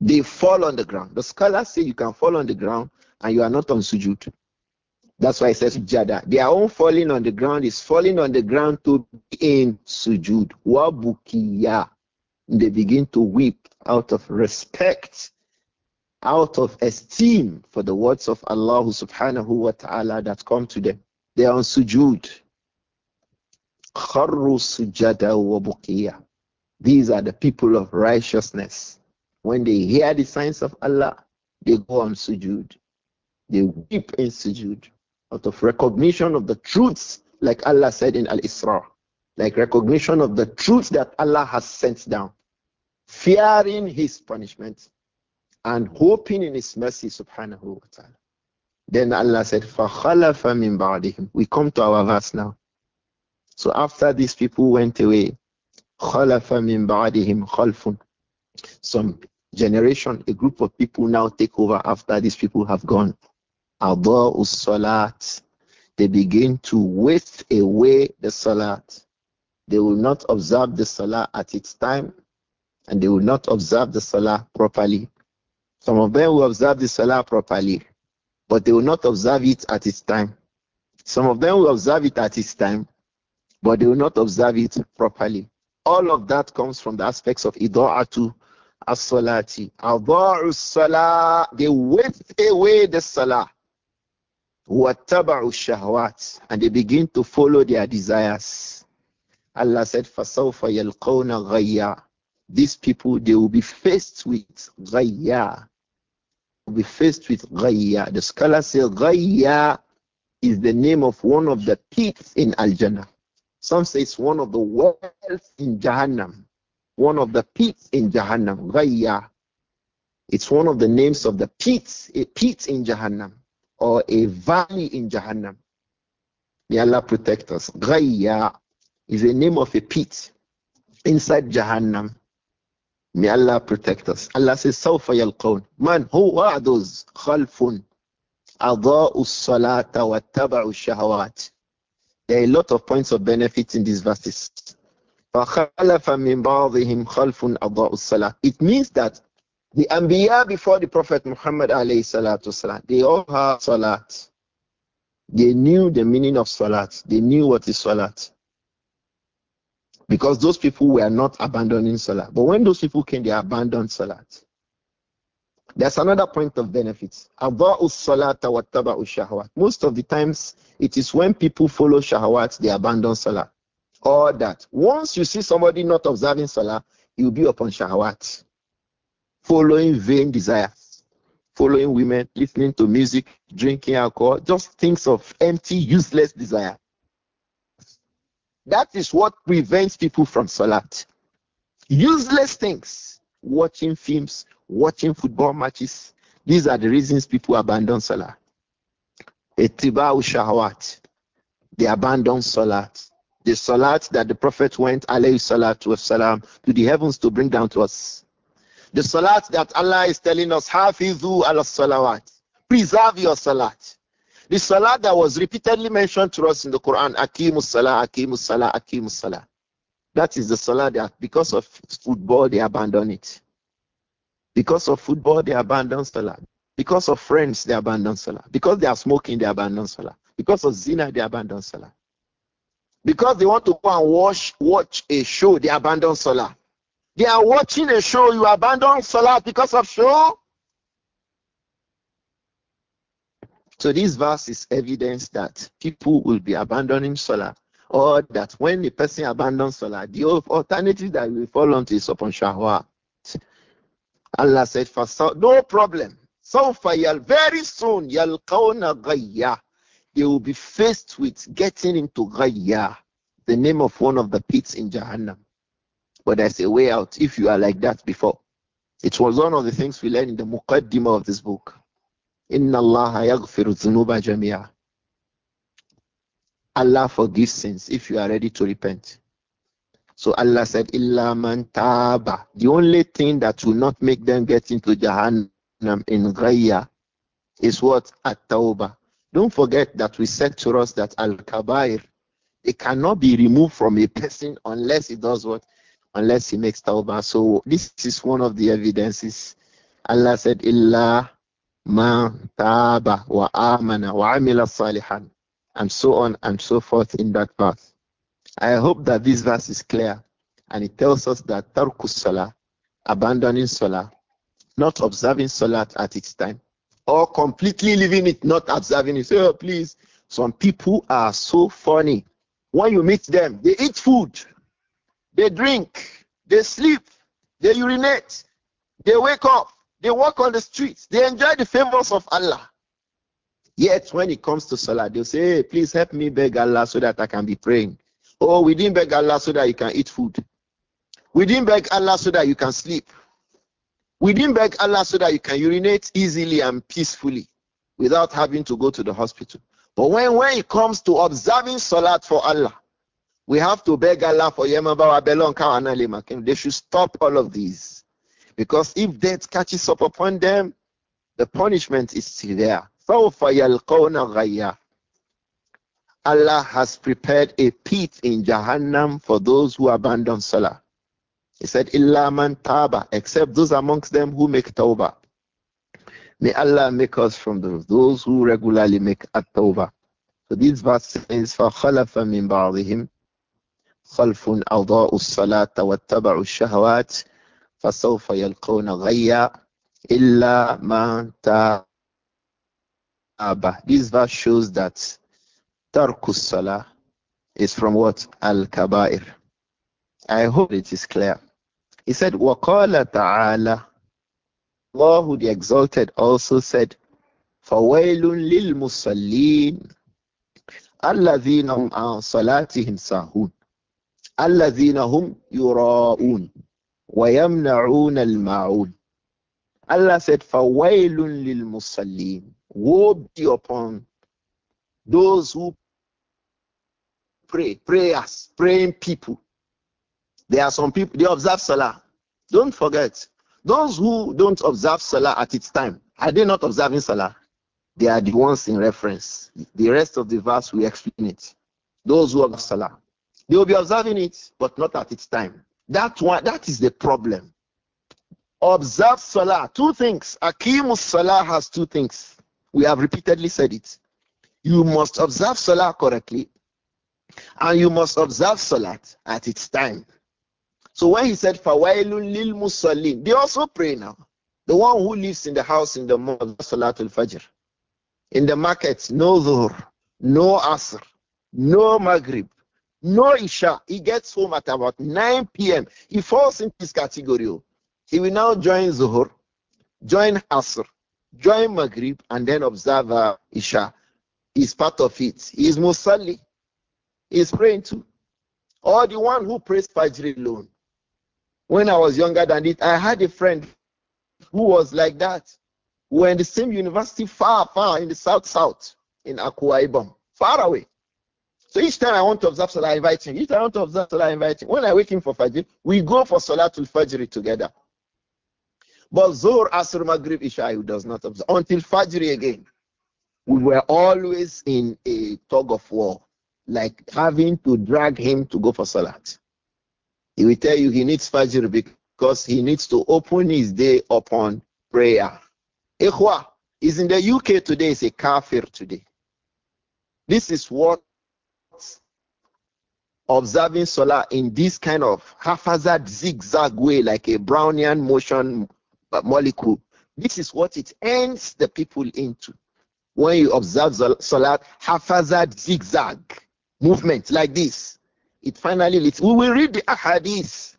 They fall on the ground. The scholars say you can fall on the ground and you are not on sujud. That's why it says jada. Their own falling on the ground is falling on the ground to be in sujud. Wabukiya. They begin to weep out of respect, out of esteem for the words of Allah subhanahu wa ta'ala that come to them. They are on sujud. Kharru sujada wabukiya. These are the people of righteousness. When they hear the signs of Allah, they go on sujud. They weep in sujud out of recognition of the truths, like Allah said in Al Isra, like recognition of the truths that Allah has sent down, fearing His punishment and hoping in His mercy, subhanahu wa ta'ala. Then Allah said, فَخَلَفَ مِن بَعْدِهِمْ We come to our verse now. So after these people went away, خَلَفَ مِن بَعْدِهِمْ خَلْفٌ Some generation, a group of people now take over after these people have gone. Adha'us Salat. They begin to waste away the Salat. They will not observe the Salah at its time and they will not observe the Salah properly. Some of them will observe the Salah properly, but they will not observe it at its time. Some of them will observe it at its time, but they will not observe it properly. All of that comes from the aspects of ida'atu as-salati. Adha'u salah, they waste away the salah. وَاتَّبَعُوا الشَّهْوَاتِ And they begin to follow their desires. Allah said, فَسَوْفَ يَلْقَوْنَ غَيَّا These people, they will be faced with غَيَّا will be faced with غَيَّا The scholars say غَيَّا is the name of one of the peaks in Al-Jannah. Some say it's one of the wells in Jahannam. One of the peaks in Jahannam, غَيَّا. It's one of the names of the peaks, eh, peaks in Jahannam or a valley in Jahannam. May Allah protect us. Ghayya is the name of a pit inside Jahannam. May Allah protect us. Allah says, Sawfa yalqoon. Man, who are those? Khalfun. Adha'u salata wa taba'u shahawat. There are a lot of points of benefit in these verses. It means that the Anbiya before the Prophet Muhammad والسلام, they all had Salat. They knew the meaning of Salat. They knew what is Salat. Because those people were not abandoning Salat. But when those people came, they abandoned Salat. There's another point of benefit. Most of the times, it is when people follow shahwat, they abandon salat. Or that once you see somebody not observing salah, you'll be upon shahwat following vain desires, following women, listening to music, drinking alcohol, just things of empty, useless desire. That is what prevents people from Salat. Useless things, watching films, watching football matches. These are the reasons people abandon Salah. Etiba'u shahwat. They abandon Salat. The Salat that the Prophet went, alayhi salatu wasalam, to the heavens to bring down to us. The salat that Allah is telling us, Hafidhu al salawat. Preserve your salat. The salat that was repeatedly mentioned to us in the Quran, Akimus salah, Akimus salah, Akimus salah. That is the salah that because of football they abandon it. Because of football they abandon salah. Because of friends they abandon salah. Because they are smoking they abandon salah. Because of zina they abandon salah. Because they want to go and watch watch a show they abandon salah. They are watching a show. You abandon Salah because of show. So this verse is evidence that people will be abandoning Salah, or that when a person abandons Salah, the alternative that will fall onto is upon Shahwa. Allah said, for so, no problem. So very soon, yalqawna ghayya. They will be faced with getting into ghayya, the name of one of the pits in Jahannam. But there's a way out if you are like that before. It was one of the things we learned in the Muqaddimah of this book. Allah yaghfiru Allah forgives sins if you are ready to repent. So Allah said, Illa man The only thing that will not make them get into Jahannam in Ghaya is what? At Tawbah. Don't forget that we said to us that Al Kabair, it cannot be removed from a person unless he does what? unless he makes tawbah. So this is one of the evidences. Allah said, Illa man taba wa amana wa amila salihan. And so on and so forth in that verse. I hope that this verse is clear and it tells us that tarku salah, abandoning salah, not observing salah at its time, or completely leaving it, not observing it. Oh, please. Some people are so funny. When you meet them, they eat food they drink, they sleep, they urinate, they wake up, they walk on the streets, they enjoy the favors of Allah. Yet when it comes to Salah, they'll say, hey, please help me beg Allah so that I can be praying. Oh, we didn't beg Allah so that you can eat food. We didn't beg Allah so that you can sleep. We didn't beg Allah so that you can urinate easily and peacefully without having to go to the hospital. But when, when it comes to observing Salat for Allah, we have to beg Allah for Yemaba Belong Kawanalimakim. They should stop all of these. Because if death catches up upon them, the punishment is still there. Allah has prepared a pit in Jahannam for those who abandon Salah. He said, Illa man taba, except those amongst them who make tawbah. May Allah make us from those, those who regularly make at tawbah. So these verses, فَخَلَفَ مِنْ بَعْضِهِمْ خلف أضاءوا الصلاة واتبعوا الشهوات فسوف يلقون غيا إلا من تاب This verse shows that ترك الصلاة is from what? Al-Kabair. I hope it is clear. He said, وَقَالَ تَعَالَى Allah the Exalted also said, فَوَيْلٌ لِلْمُصَلِّينَ الَّذِينَ عَنْ صَلَاتِهِمْ سَاهُونَ الَّذِينَ هُمْ يُرَاءُونَ وَيَمْنَعُونَ الْمَعُونَ Allah said, فَوَيْلٌ لِلْمُصَلِّينَ Woe be upon those who pray, prayers, praying people. There are some people, they observe Salah. Don't forget, those who don't observe Salah at its time, are they not observing Salah? They are the ones in reference. The rest of the verse, we explain it. Those who observe Salah. They will be observing it, but not at its time. That one, that is the problem. Observe Salah. Two things. Akimus Salah has two things. We have repeatedly said it. You must observe Salah correctly, and you must observe Salat at its time. So when he said Fawailun lil Musallin, they also pray now. The one who lives in the house in the morning, Salatul Fajr. In the market, no Dhuhr, no Asr, no Maghrib, no Isha. He gets home at about 9 p.m. He falls in this category. Oh. He will now join Zuhur, join Asr, join Maghrib, and then observe uh, Isha. He's part of it. He's is Musalli. He's praying too. Or the one who prays Fajr alone. When I was younger than it, I had a friend who was like that. We were in the same university, far, far in the south, south, in Akwa Ibom, far away. So each time I want to observe Salah, I invite him. Each time I want to observe Salah, I invite him. When I wake him for Fajr, we go for Salah to Fajr together. But Zohr, Asr, Maghrib, Isha, does not observe until Fajr again. We were always in a tug of war, like having to drag him to go for Salah. He will tell you he needs Fajr because he needs to open his day upon prayer. Ikhwa is in the UK today, is a kafir today. This is what observing solar in this kind of haphazard zigzag way, like a Brownian motion uh, molecule, this is what it ends the people into. When you observe solar haphazard zigzag movement like this, it finally leads. We will read the ahadith.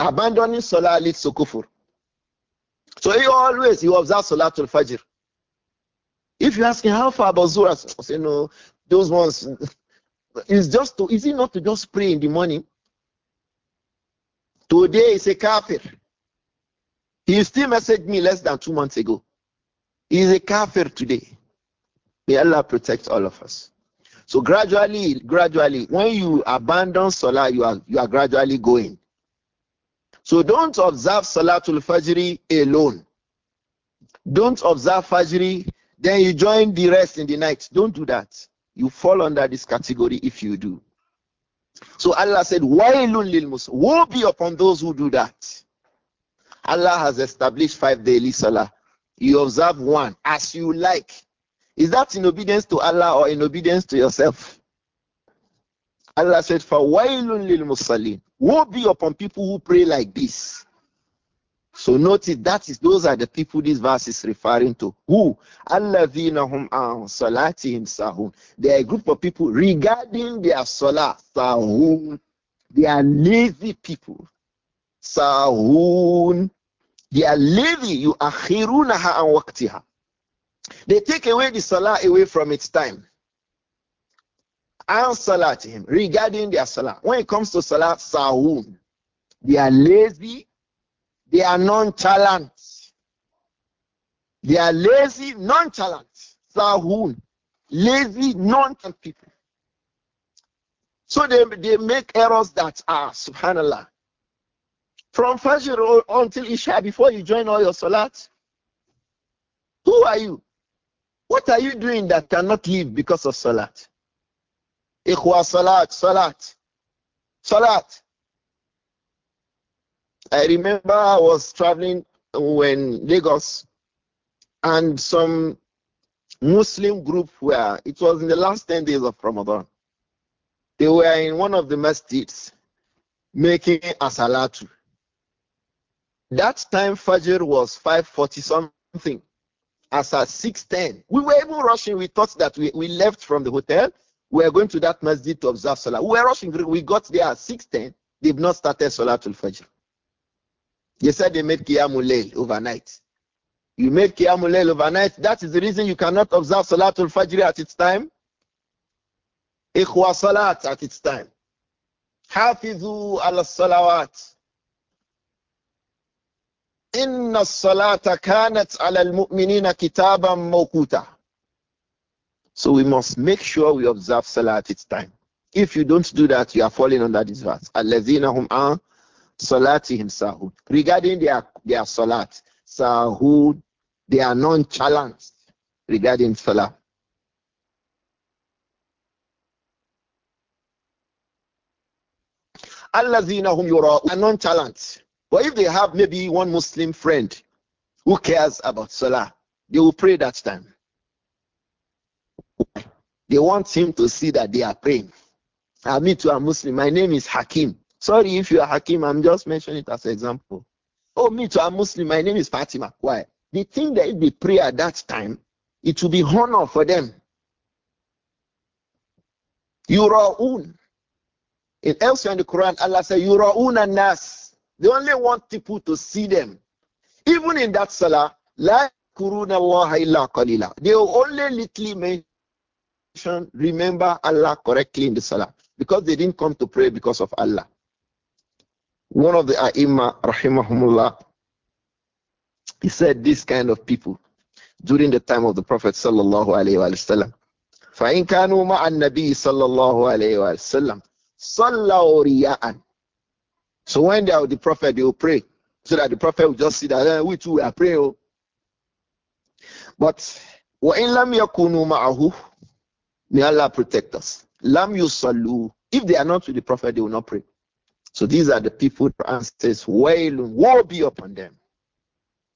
Abandoning solar leads to kufur. So you always you observe solar Salatul Fajr. If you ask him how far about Zura, I say no, those ones is just to, is it not to just pray in the morning? Today is a kafir. He still messaged me less than two months ago. He is a kafir today. May Allah protect all of us. So gradually, gradually, when you abandon salah, you are you are gradually going. So don't observe Salatul Fajr alone. Don't observe Fajr, then you join the rest in the night. Don't do that. You fall under this category if you do. So Allah said, Wailun lil Muslim. Woe be upon those who do that. Allah has established five daily salah. You observe one as you like. Is that in obedience to Allah or in obedience to yourself? Allah said, For wailun lil musallin. Woe be upon people who pray like this. So notice that is those are the people this verse is referring to. Who? Allahinahum an salatihim sahun. They are a group of people regarding their salah sahun. They are lazy people. Sahun. They are lazy. You akhirunaha an waqtiha. They take away the salah away from its time. An salatihim regarding their salah. When it comes to salah sahun, they are lazy they are nonchalant. They are lazy, nonchalant. Sahun. Lazy, nonchalant people. So they, they make errors that are, subhanAllah. From Fajr until Isha, before you join all your salat, who are you? What are you doing that cannot leave because of salat? Ikhwa salat, salat, salat. I remember I was traveling when Lagos and some Muslim group were, it was in the last 10 days of Ramadan. They were in one of the masjids making asalatu. That time Fajr was 5.40 something. As at 6.10. We were even rushing. We thought that we, we left from the hotel. We were going to that masjid to observe Salah. We were rushing. We got there at 6.10. They've not started Salatul Fajr. They said they made Qiyamul overnight. You made Qiyamul overnight. That is the reason you cannot observe Salatul Fajr at its time. Ikhwa Salat at its time. Hafizu ala Salawat. Inna Salata kanat ala al-mu'minina kitaban mawkuta. So we must make sure we observe Salah at its time. If you don't do that, you are falling under this verse. الَّذِينَ هُمْ salatihim sahud. Regarding their, their salat, sahud, they are non non-challenged regarding salah. Allazina whom yura are non non-challenged. But if they have maybe one Muslim friend who cares about salah, they will pray that time. They want him to see that they are praying. I mean to a Muslim. My name is Hakim. Sorry if you are Hakim, I'm just mentioning it as an example. Oh, me too, I'm Muslim. My name is Fatima. Why? The thing that they pray at that time, it will be honor for them. Yura'un. In elsewhere in the Quran, Allah says, Yura'un and Nas. They only want people to see them. Even in that salah, La kuruna Allah illa qalila. They only little mention, remember Allah correctly in the salah. Because they didn't come to pray because of Allah. One of the Aima, rahimahumullah, he said this kind of people during the time of the Prophet sallallahu alayhi wa sallam. فإن كانوا مع النبي صلى الله عليه وسلم صلوا رياء So when they are with the Prophet, they will pray. So that the Prophet will just see that eh, we too are praying. Oh. But وإن لم يكونوا معه May Allah protect us. لم يصلوا If they are not with the Prophet, they will not pray. So these are the people who says, Wail, woe be upon them.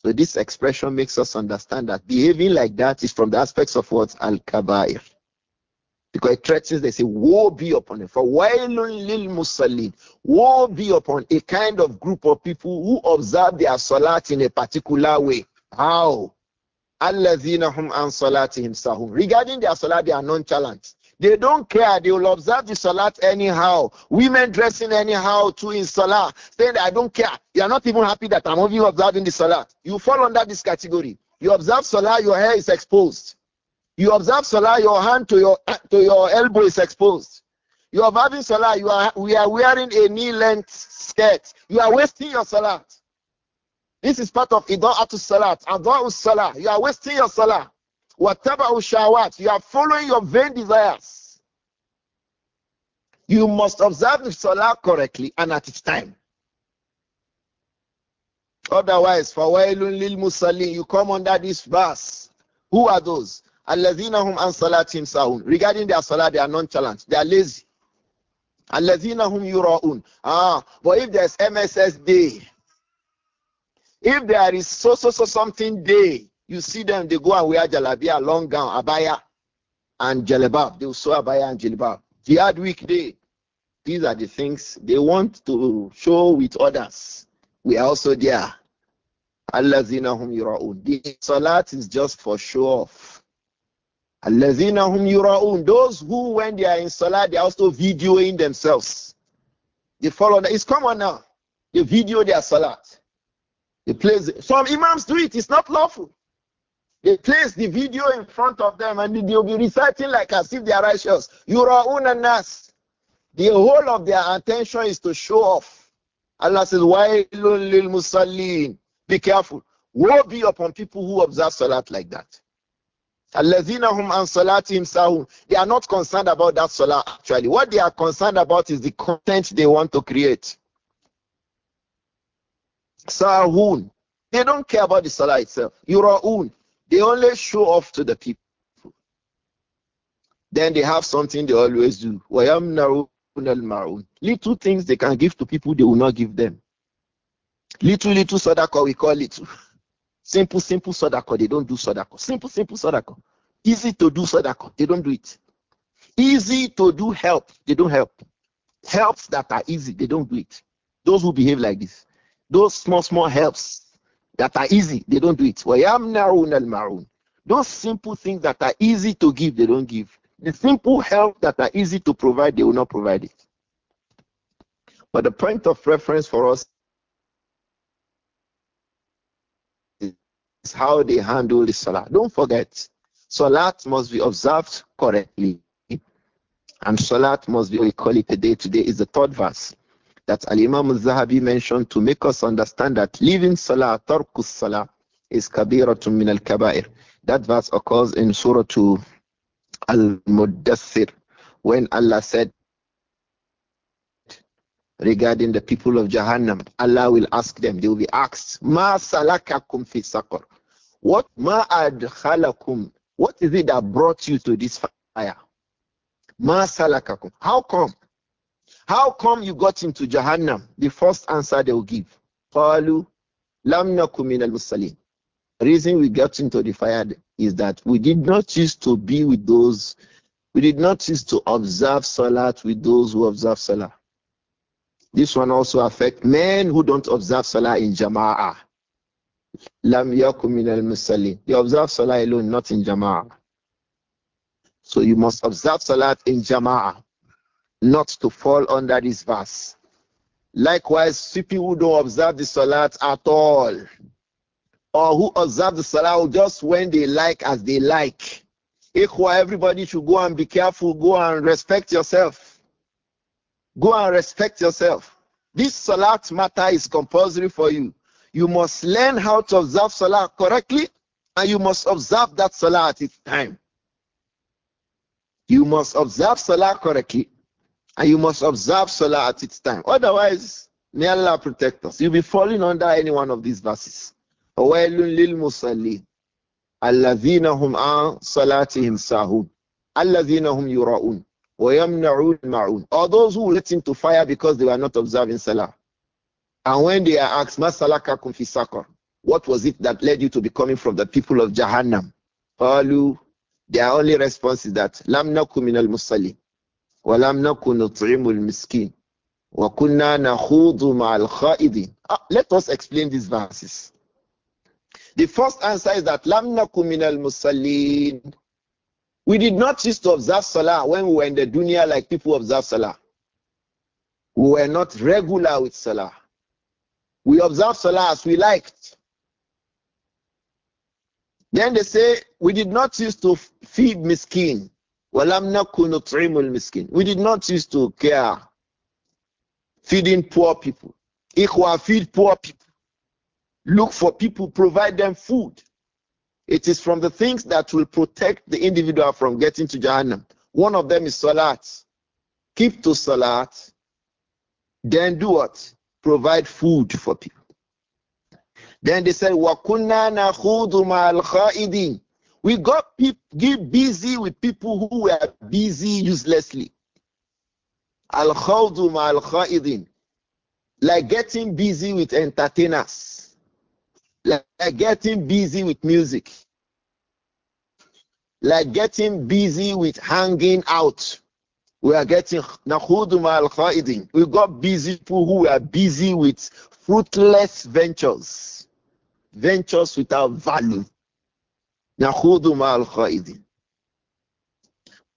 So this expression makes us understand that behaving like that is from the aspects of what al kabair because it threatens they say woe be upon them for wailun lil musallin woe be upon a kind of group of people who observe their salat in a particular way how Allah hum an salatihim sahun regarding their salat they are nonchalant they don't care. They will observe the salat anyhow. Women dressing anyhow too in salat, saying I don't care. You are not even happy that I'm only observing the salat. You fall under this category. You observe salah, your hair is exposed. You observe salah, your hand to your to your elbow is exposed. You are having you are we are wearing a knee length skirt. You are wasting your salat. This is part of ida'atu salat, ada'u salah. You are wasting your salah. Whatever shawat, you are following your vain desires. You must observe the salah correctly and at its time. Otherwise, wa'ilun lil musallin, you come under this verse. Who are those? Alladhina hum an salatim sahun. Regarding their salah, they are nonchalant. They are lazy. Alladhina hum yura'un. Ah, but if there's MSS day, if there is so so so something day, you see them, they go and wear jalabia, long gown, abaya, and jalabab. They will sew abaya and jalabab. week weekday. These are the things they want to show with others. We are also there. Allazina hum yura'un. The salat is just for show off. yura'un. Those who, when they are in salat, they are also videoing themselves. They follow that. It's common now. They video their salat. They play. Some imams do it. It's not lawful. They place the video in front of them and they'll be reciting like as if they are righteous. You are nas. The whole of their attention is to show off. Allah says, "Why, lil musallin. Be careful. Woe be upon people who observe salat like that. an salatihim sahun. They are not concerned about that salah actually. What they are concerned about is the content they want to create. Sahun. They don't care about the salah itself. You Yura'un. They only show off to the people. Then they have something they always do. Little things they can give to people, they will not give them. Little, little sadaqah, we call it. Simple, simple sadaqah, they don't do sadaqah. Simple, simple sadaqah. Easy to do sadaqah, they don't do it. Easy to do help, they don't help. Helps that are easy, they don't do it. Those who behave like this, those small, small helps, that are easy, they don't do it. Those simple things that are easy to give, they don't give. The simple help that are easy to provide, they will not provide it. But the point of reference for us is how they handle the salah. Don't forget, salat must be observed correctly. And salat must be, we call it a day today, is the third verse that Al Imam al Zahabi mentioned to make us understand that leaving Salah, Tarkus Salah, is Kabiratun min al Kabair. That verse occurs in Surah to Al Muddassir when Allah said regarding the people of Jahannam, Allah will ask them, they will be asked, Ma salakakum fi saqar? What ma adkhalakum? What is it that brought you to this fire? Ma salakakum? How come? How come you got into Jahannam? The first answer they will give. Qalu lam min al Reason we got into the fire is that we did not choose to be with those, we did not choose to observe salat with those who observe salah. This one also affect men who don't observe salah in jama'ah. Lam yakum min al They observe salah alone, not in jama'ah. So you must observe salat in jama'ah not to fall under this verse. Likewise, people who don't observe the salat at all, or who observe the salat just when they like as they like. Ikhwa, everybody should go and be careful, go and respect yourself. Go and respect yourself. This salat matter is compulsory for you. You must learn how to observe salat correctly, and you must observe that salat at its time. You must observe salat correctly, and you must observe Salah at its time. Otherwise, may Allah protect us. You'll be falling under any one of these verses. وَوَيْلٌ لِلْمُصَلِّينَ الَّذِينَ هُمْ عَنْ صَلَاتِهِمْ سَاهُونَ الَّذِينَ هُمْ يُرَؤُونَ وَيَمْنَعُونَ مَعُونَ Or those who let into fire because they were not observing Salah. And when they are asked, مَسَلَكَكُمْ فِي سَقَرٍ What was it that led you to be coming from the people of Jahannam? قالوا Their only response is that لَمْ نَكُمْ مِنَ الْمُصَلِّينَ وَلَمْ نَكُنْ نُطْعِمُ الْمِسْكِينَ وَكُنَّا نَخُوضُ مَعَ الْخَائِضِينَ ah, Let us explain these verses. The first answer is that لَمْ نَكُنْ مِنَ الْمُسَلِّينَ We did not used to observe Salah when we were in the dunya like people observe Salah. We were not regular with Salah. We observe Salah as we liked. Then they say, we did not used to feed miskin. We did not used to care. Feeding poor people. Ikhwa feed poor people. Look for people, provide them food. It is from the things that will protect the individual from getting to Jahannam. One of them is Salat. Keep to Salat. Then do what? Provide food for people. Then they said, na khudu ma الْخَائِدِينَ we got people get busy with people who were busy uselessly. Al al Like getting busy with entertainers. Like getting busy with music. Like getting busy with hanging out. We are getting nakhudu ma al khaidin. We got busy people who were busy with fruitless ventures. Ventures without value. نخوض مع الخائضين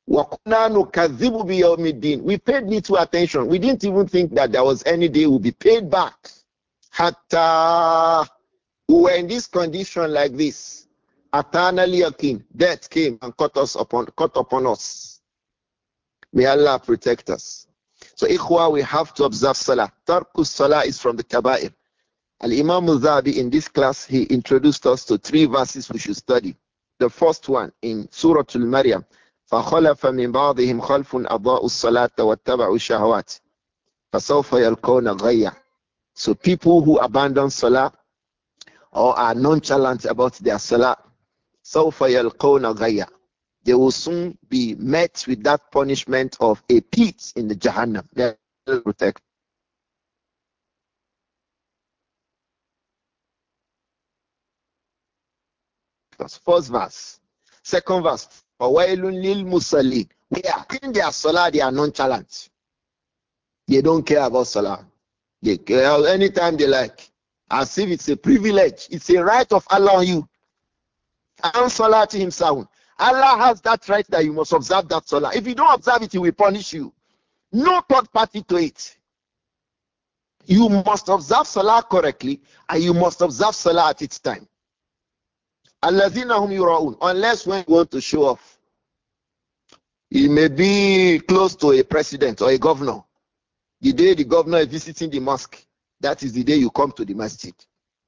We paid little attention. We didn't even think that there was any day we'll be paid back. Hatta we were in this condition like this. Eternally yakin. Death came and cut us upon cut upon us. May Allah protect us. So ikhwa, we have to observe salah. Tarkus salah is from the kaba'ir. Al-Imam al in this class, he introduced us to three verses we should study the first one in Surah Al-Maryam. فخلف من بعضهم خلف أضاءوا الصلاة واتبعوا الشهوات فسوف يلقون غيا So people who abandon salah or are nonchalant about their salah سوف يلقون غيا They will soon be met with that punishment of a pit in the Jahannam. Protect. First verse. Second verse. Fawailun lil We are in their salah, they are nonchalant. They don't care about salah. They care anytime they like. As if it's a privilege. It's a right of Allah on you. And salah to himself. Allah has that right that you must observe that salah. If you don't observe it, he will punish you. No third party to it. You must observe salah correctly and you must observe salah at its time. Unless when you want to show off. He may be close to a president or a governor. The day the governor is visiting the mosque, that is the day you come to the masjid.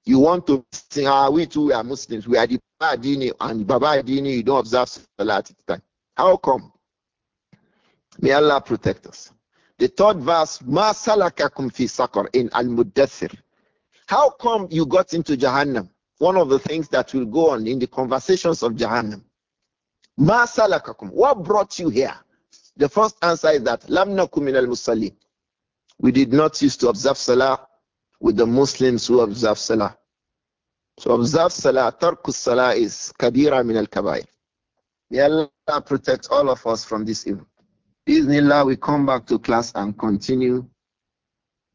You want to say, ah, we too we are Muslims. We are the Baba Adini and Baba Adini, you don't observe Salah at the time. How come? May Allah protect us. The third verse, "Masala salakakum fi in al muddathir. How come you got into Jahannam? one of the things that will go on in the conversations of Jahannam. Ma salakakum. What brought you here? The first answer is that lam kuminal al musalli. We did not used to observe salah with the Muslims who observe salah. So observe salah, tarkus salah is kabira min al kabair. May Allah protect all of us from this evil. Bismillah, we come back to class and continue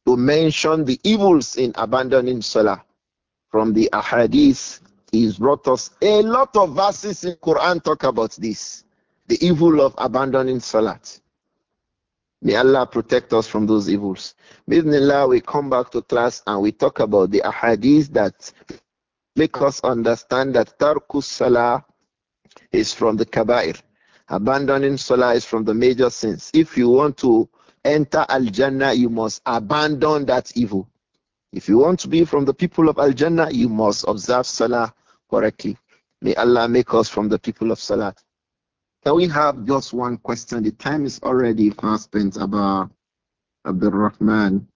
to mention the evils in abandoning salah from the ahadith, he's brought us a lot of verses in Quran talk about this, the evil of abandoning salat. May Allah protect us from those evils. Bismillah, we come back to class and we talk about the ahadith that make us understand that tarkus salah is from the kabair. Abandoning salah is from the major sins. If you want to enter al-jannah, you must abandon that evil. If you want to be from the people of Al Jannah, you must observe Salah correctly. May Allah make us from the people of Salah. Can we have just one question? The time is already fast spent, Abba Abdul Rahman.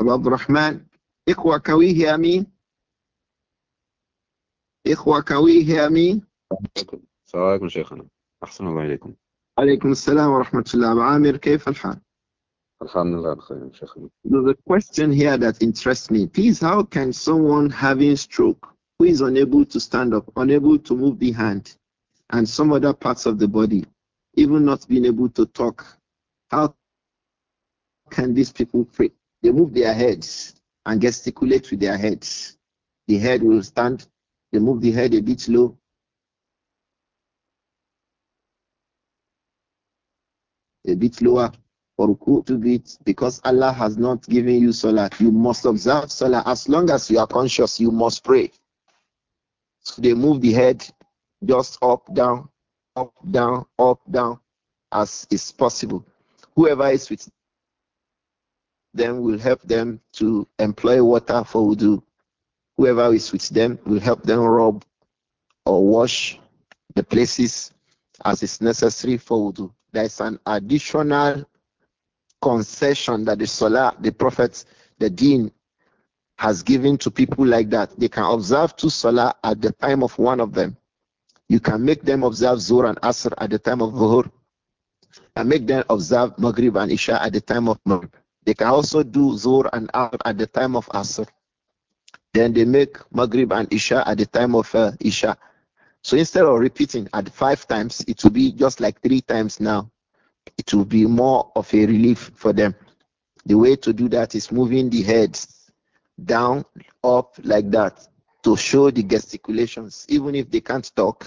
أبو عبد الرحمن إخوة كويه أمين إخوة كويه أمين السلام عليكم شيخنا أحسن الله عليكم السلام ورحمة الله أبو عامر كيف الحال؟ There's a question here that interests me. Please, how can someone having stroke who is unable to stand up, unable to move the hand and some other parts of the body, even not being able to talk, how can these people pray? They move their heads and gesticulate with their heads. The head will stand, they move the head a bit low. A bit lower or to bit because Allah has not given you salah. You must observe salah. As long as you are conscious, you must pray. So they move the head just up, down, up, down, up, down as is possible. Whoever is with them will help them to employ water for wudu. Whoever is with them will help them rub or wash the places as is necessary for wudu. There is an additional concession that the Salah, the Prophet, the Deen has given to people like that. They can observe two Salah at the time of one of them. You can make them observe Zuhr and Asr at the time of Zuhr and make them observe Maghrib and Isha at the time of Maghrib. They can also do Zuhr and Asr at the time of Asr. Then they make Maghrib and Isha at the time of uh, Isha. So instead of repeating at five times, it will be just like three times now. It will be more of a relief for them. The way to do that is moving the heads down, up, like that to show the gesticulations. Even if they can't talk,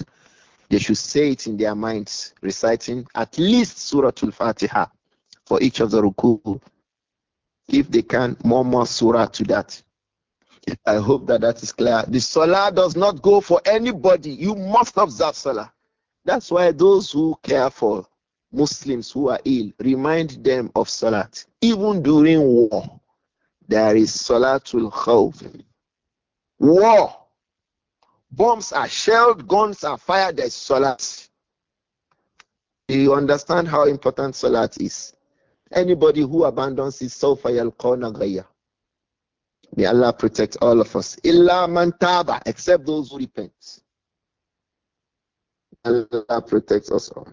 they should say it in their minds, reciting at least Surah Al Fatiha for each of the ruku if they can, more more surah to that. I hope that that is clear. The salah does not go for anybody. You must observe salah. That's why those who care for Muslims who are ill, remind them of salat. Even during war, there is salatul khawf. War. Bombs are shelled, guns are fired, there's salat. Do you understand how important salat is? Anybody who abandons it, Sawfa yalqawna ghayya. May Allah protect all of us. Illa mantaba, except those who repent. Allah protects us all.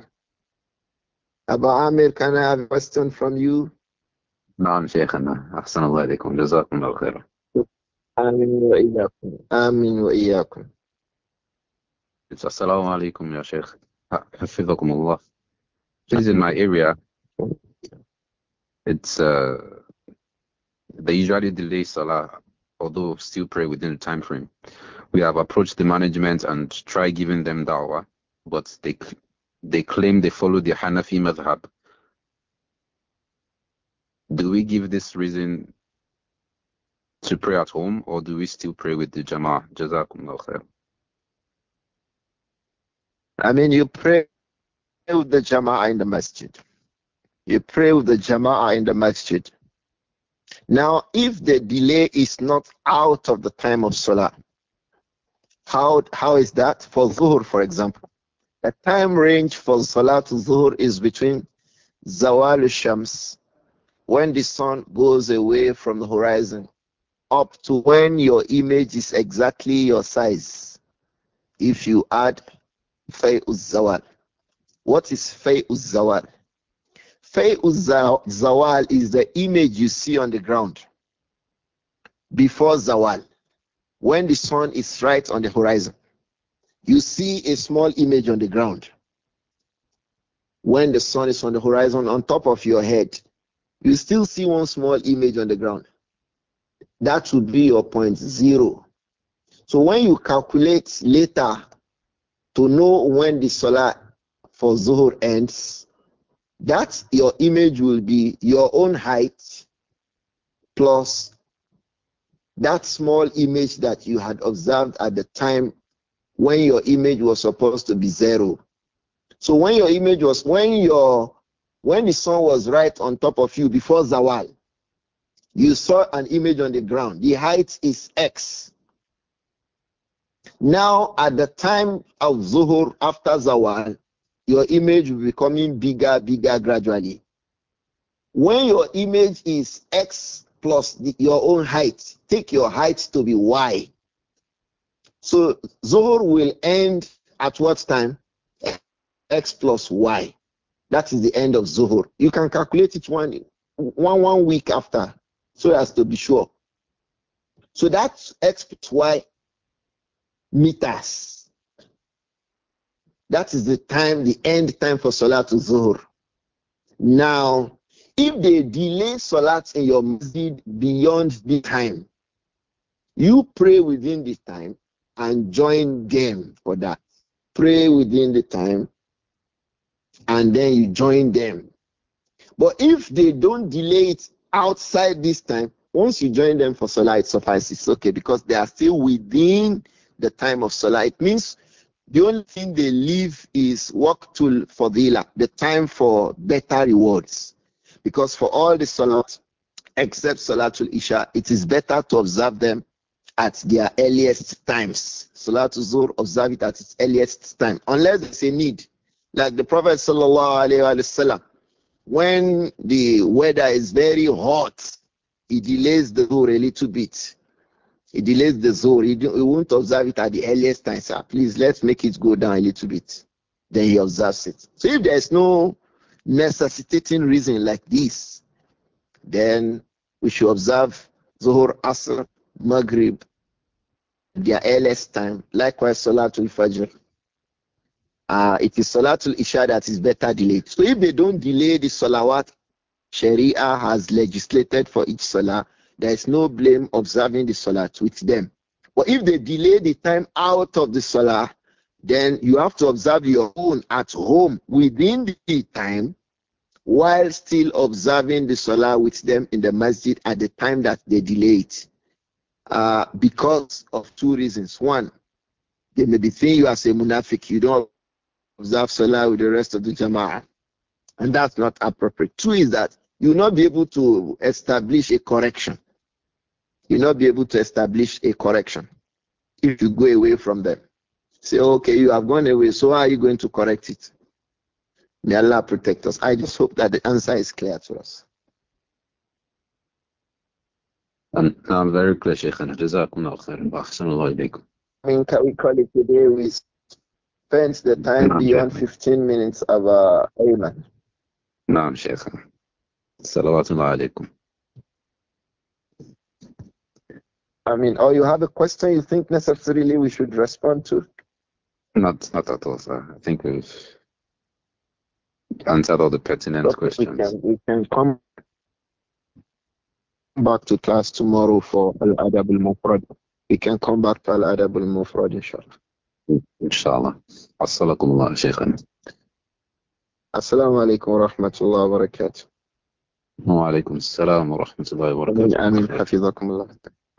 Abu Amir, can I have a question from you? نعم شيخنا أحسن الله إليكم جزاكم الله خيرا آمين وإياكم آمين وإياكم السلام عليكم يا شيخ حفظكم الله Please in my area it's uh, they usually delay Salah, although still pray within the time frame. We have approached the management and try giving them dawah, but they they claim they follow the Hanafi madhab. Do we give this reason to pray at home, or do we still pray with the Jama'ah? khair. I mean, you pray with the Jama'ah in the masjid you pray with the jama'ah in the masjid. Now, if the delay is not out of the time of salah, how, how is that? For zuhur, for example. The time range for salah to zuhur is between zawal shams, when the sun goes away from the horizon, up to when your image is exactly your size. If you add fay zawal. What is fay zawal? Fay'uz zawal is the image you see on the ground before zawal, when the sun is right on the horizon. You see a small image on the ground. When the sun is on the horizon on top of your head, you still see one small image on the ground. That would be your point zero. So when you calculate later to know when the solar for Zuhur ends, that your image will be your own height plus that small image that you had observed at the time when your image was supposed to be zero. So when your image was when your when the sun was right on top of you before Zawal, you saw an image on the ground. The height is X. Now, at the time of Zuhur after Zawal, your image will be becoming bigger, bigger gradually. When your image is X plus the, your own height, take your height to be Y. So Zohor will end at what time? X plus Y. That is the end of Zohor. You can calculate it one, one, one week after so as to be sure. So that's X plus Y meters that is the time, the end time for Salatul Zuhr. Now, if they delay Salat in your masjid beyond the time, you pray within the time and join them for that. Pray within the time and then you join them. But if they don't delay it outside this time, once you join them for Salah, it suffices. Okay, because they are still within the time of Salah. It means the only thing they leave is work for fadila, the time for better rewards. Because for all the salat, except Salatul Isha, it is better to observe them at their earliest times. Salatul Zuhr, observe it at its earliest time, unless there's a need. Like the Prophet Sallallahu when the weather is very hot, he delays the Zuhr a little bit he delays the Zohr. He, he won't observe it at the earliest time, sir. Please, let's make it go down a little bit. Then he observes it. So if there's no necessitating reason like this, then we should observe Zohr, Asr, Maghrib, their earliest time. Likewise, Salatul Fajr. Uh, it is Salatul Isha that is better delayed. So if they don't delay the Salawat, Sharia has legislated for each Salah, there is no blame observing the salah with them. But if they delay the time out of the salah, then you have to observe your own at home within the time while still observing the salah with them in the masjid at the time that they delay it. Uh, because of two reasons. One, they may be thinking you as a munafiq, you don't observe salah with the rest of the jama'ah. And that's not appropriate. Two is that you'll not be able to establish a correction you'll not be able to establish a correction if you go away from them. Say, okay, you have gone away, so are you going to correct it? May Allah protect us. I just hope that the answer is clear to us. And I'm um, um, very clear, Sheikh. Jazakumullah I mean, can we call it today? We spent the time beyond 15 minutes of our uh, Ayman. Naam, Shaykh. Salawatullah alaykum. I mean, or you have a question you think necessarily we should respond to? Not, not at all, sir. I think we've answered all the pertinent but questions. We can, we can come back to class tomorrow for Al Adab more Mufrad. We can come back to Al Adab al Mufrad, inshallah. Inshallah. Assalamu alaikum, Shaykhan. Assalamu alaikum wa rahmatullahi wa barakatuh. وعليكم السلام ورحمة الله وبركاته آمين حفظكم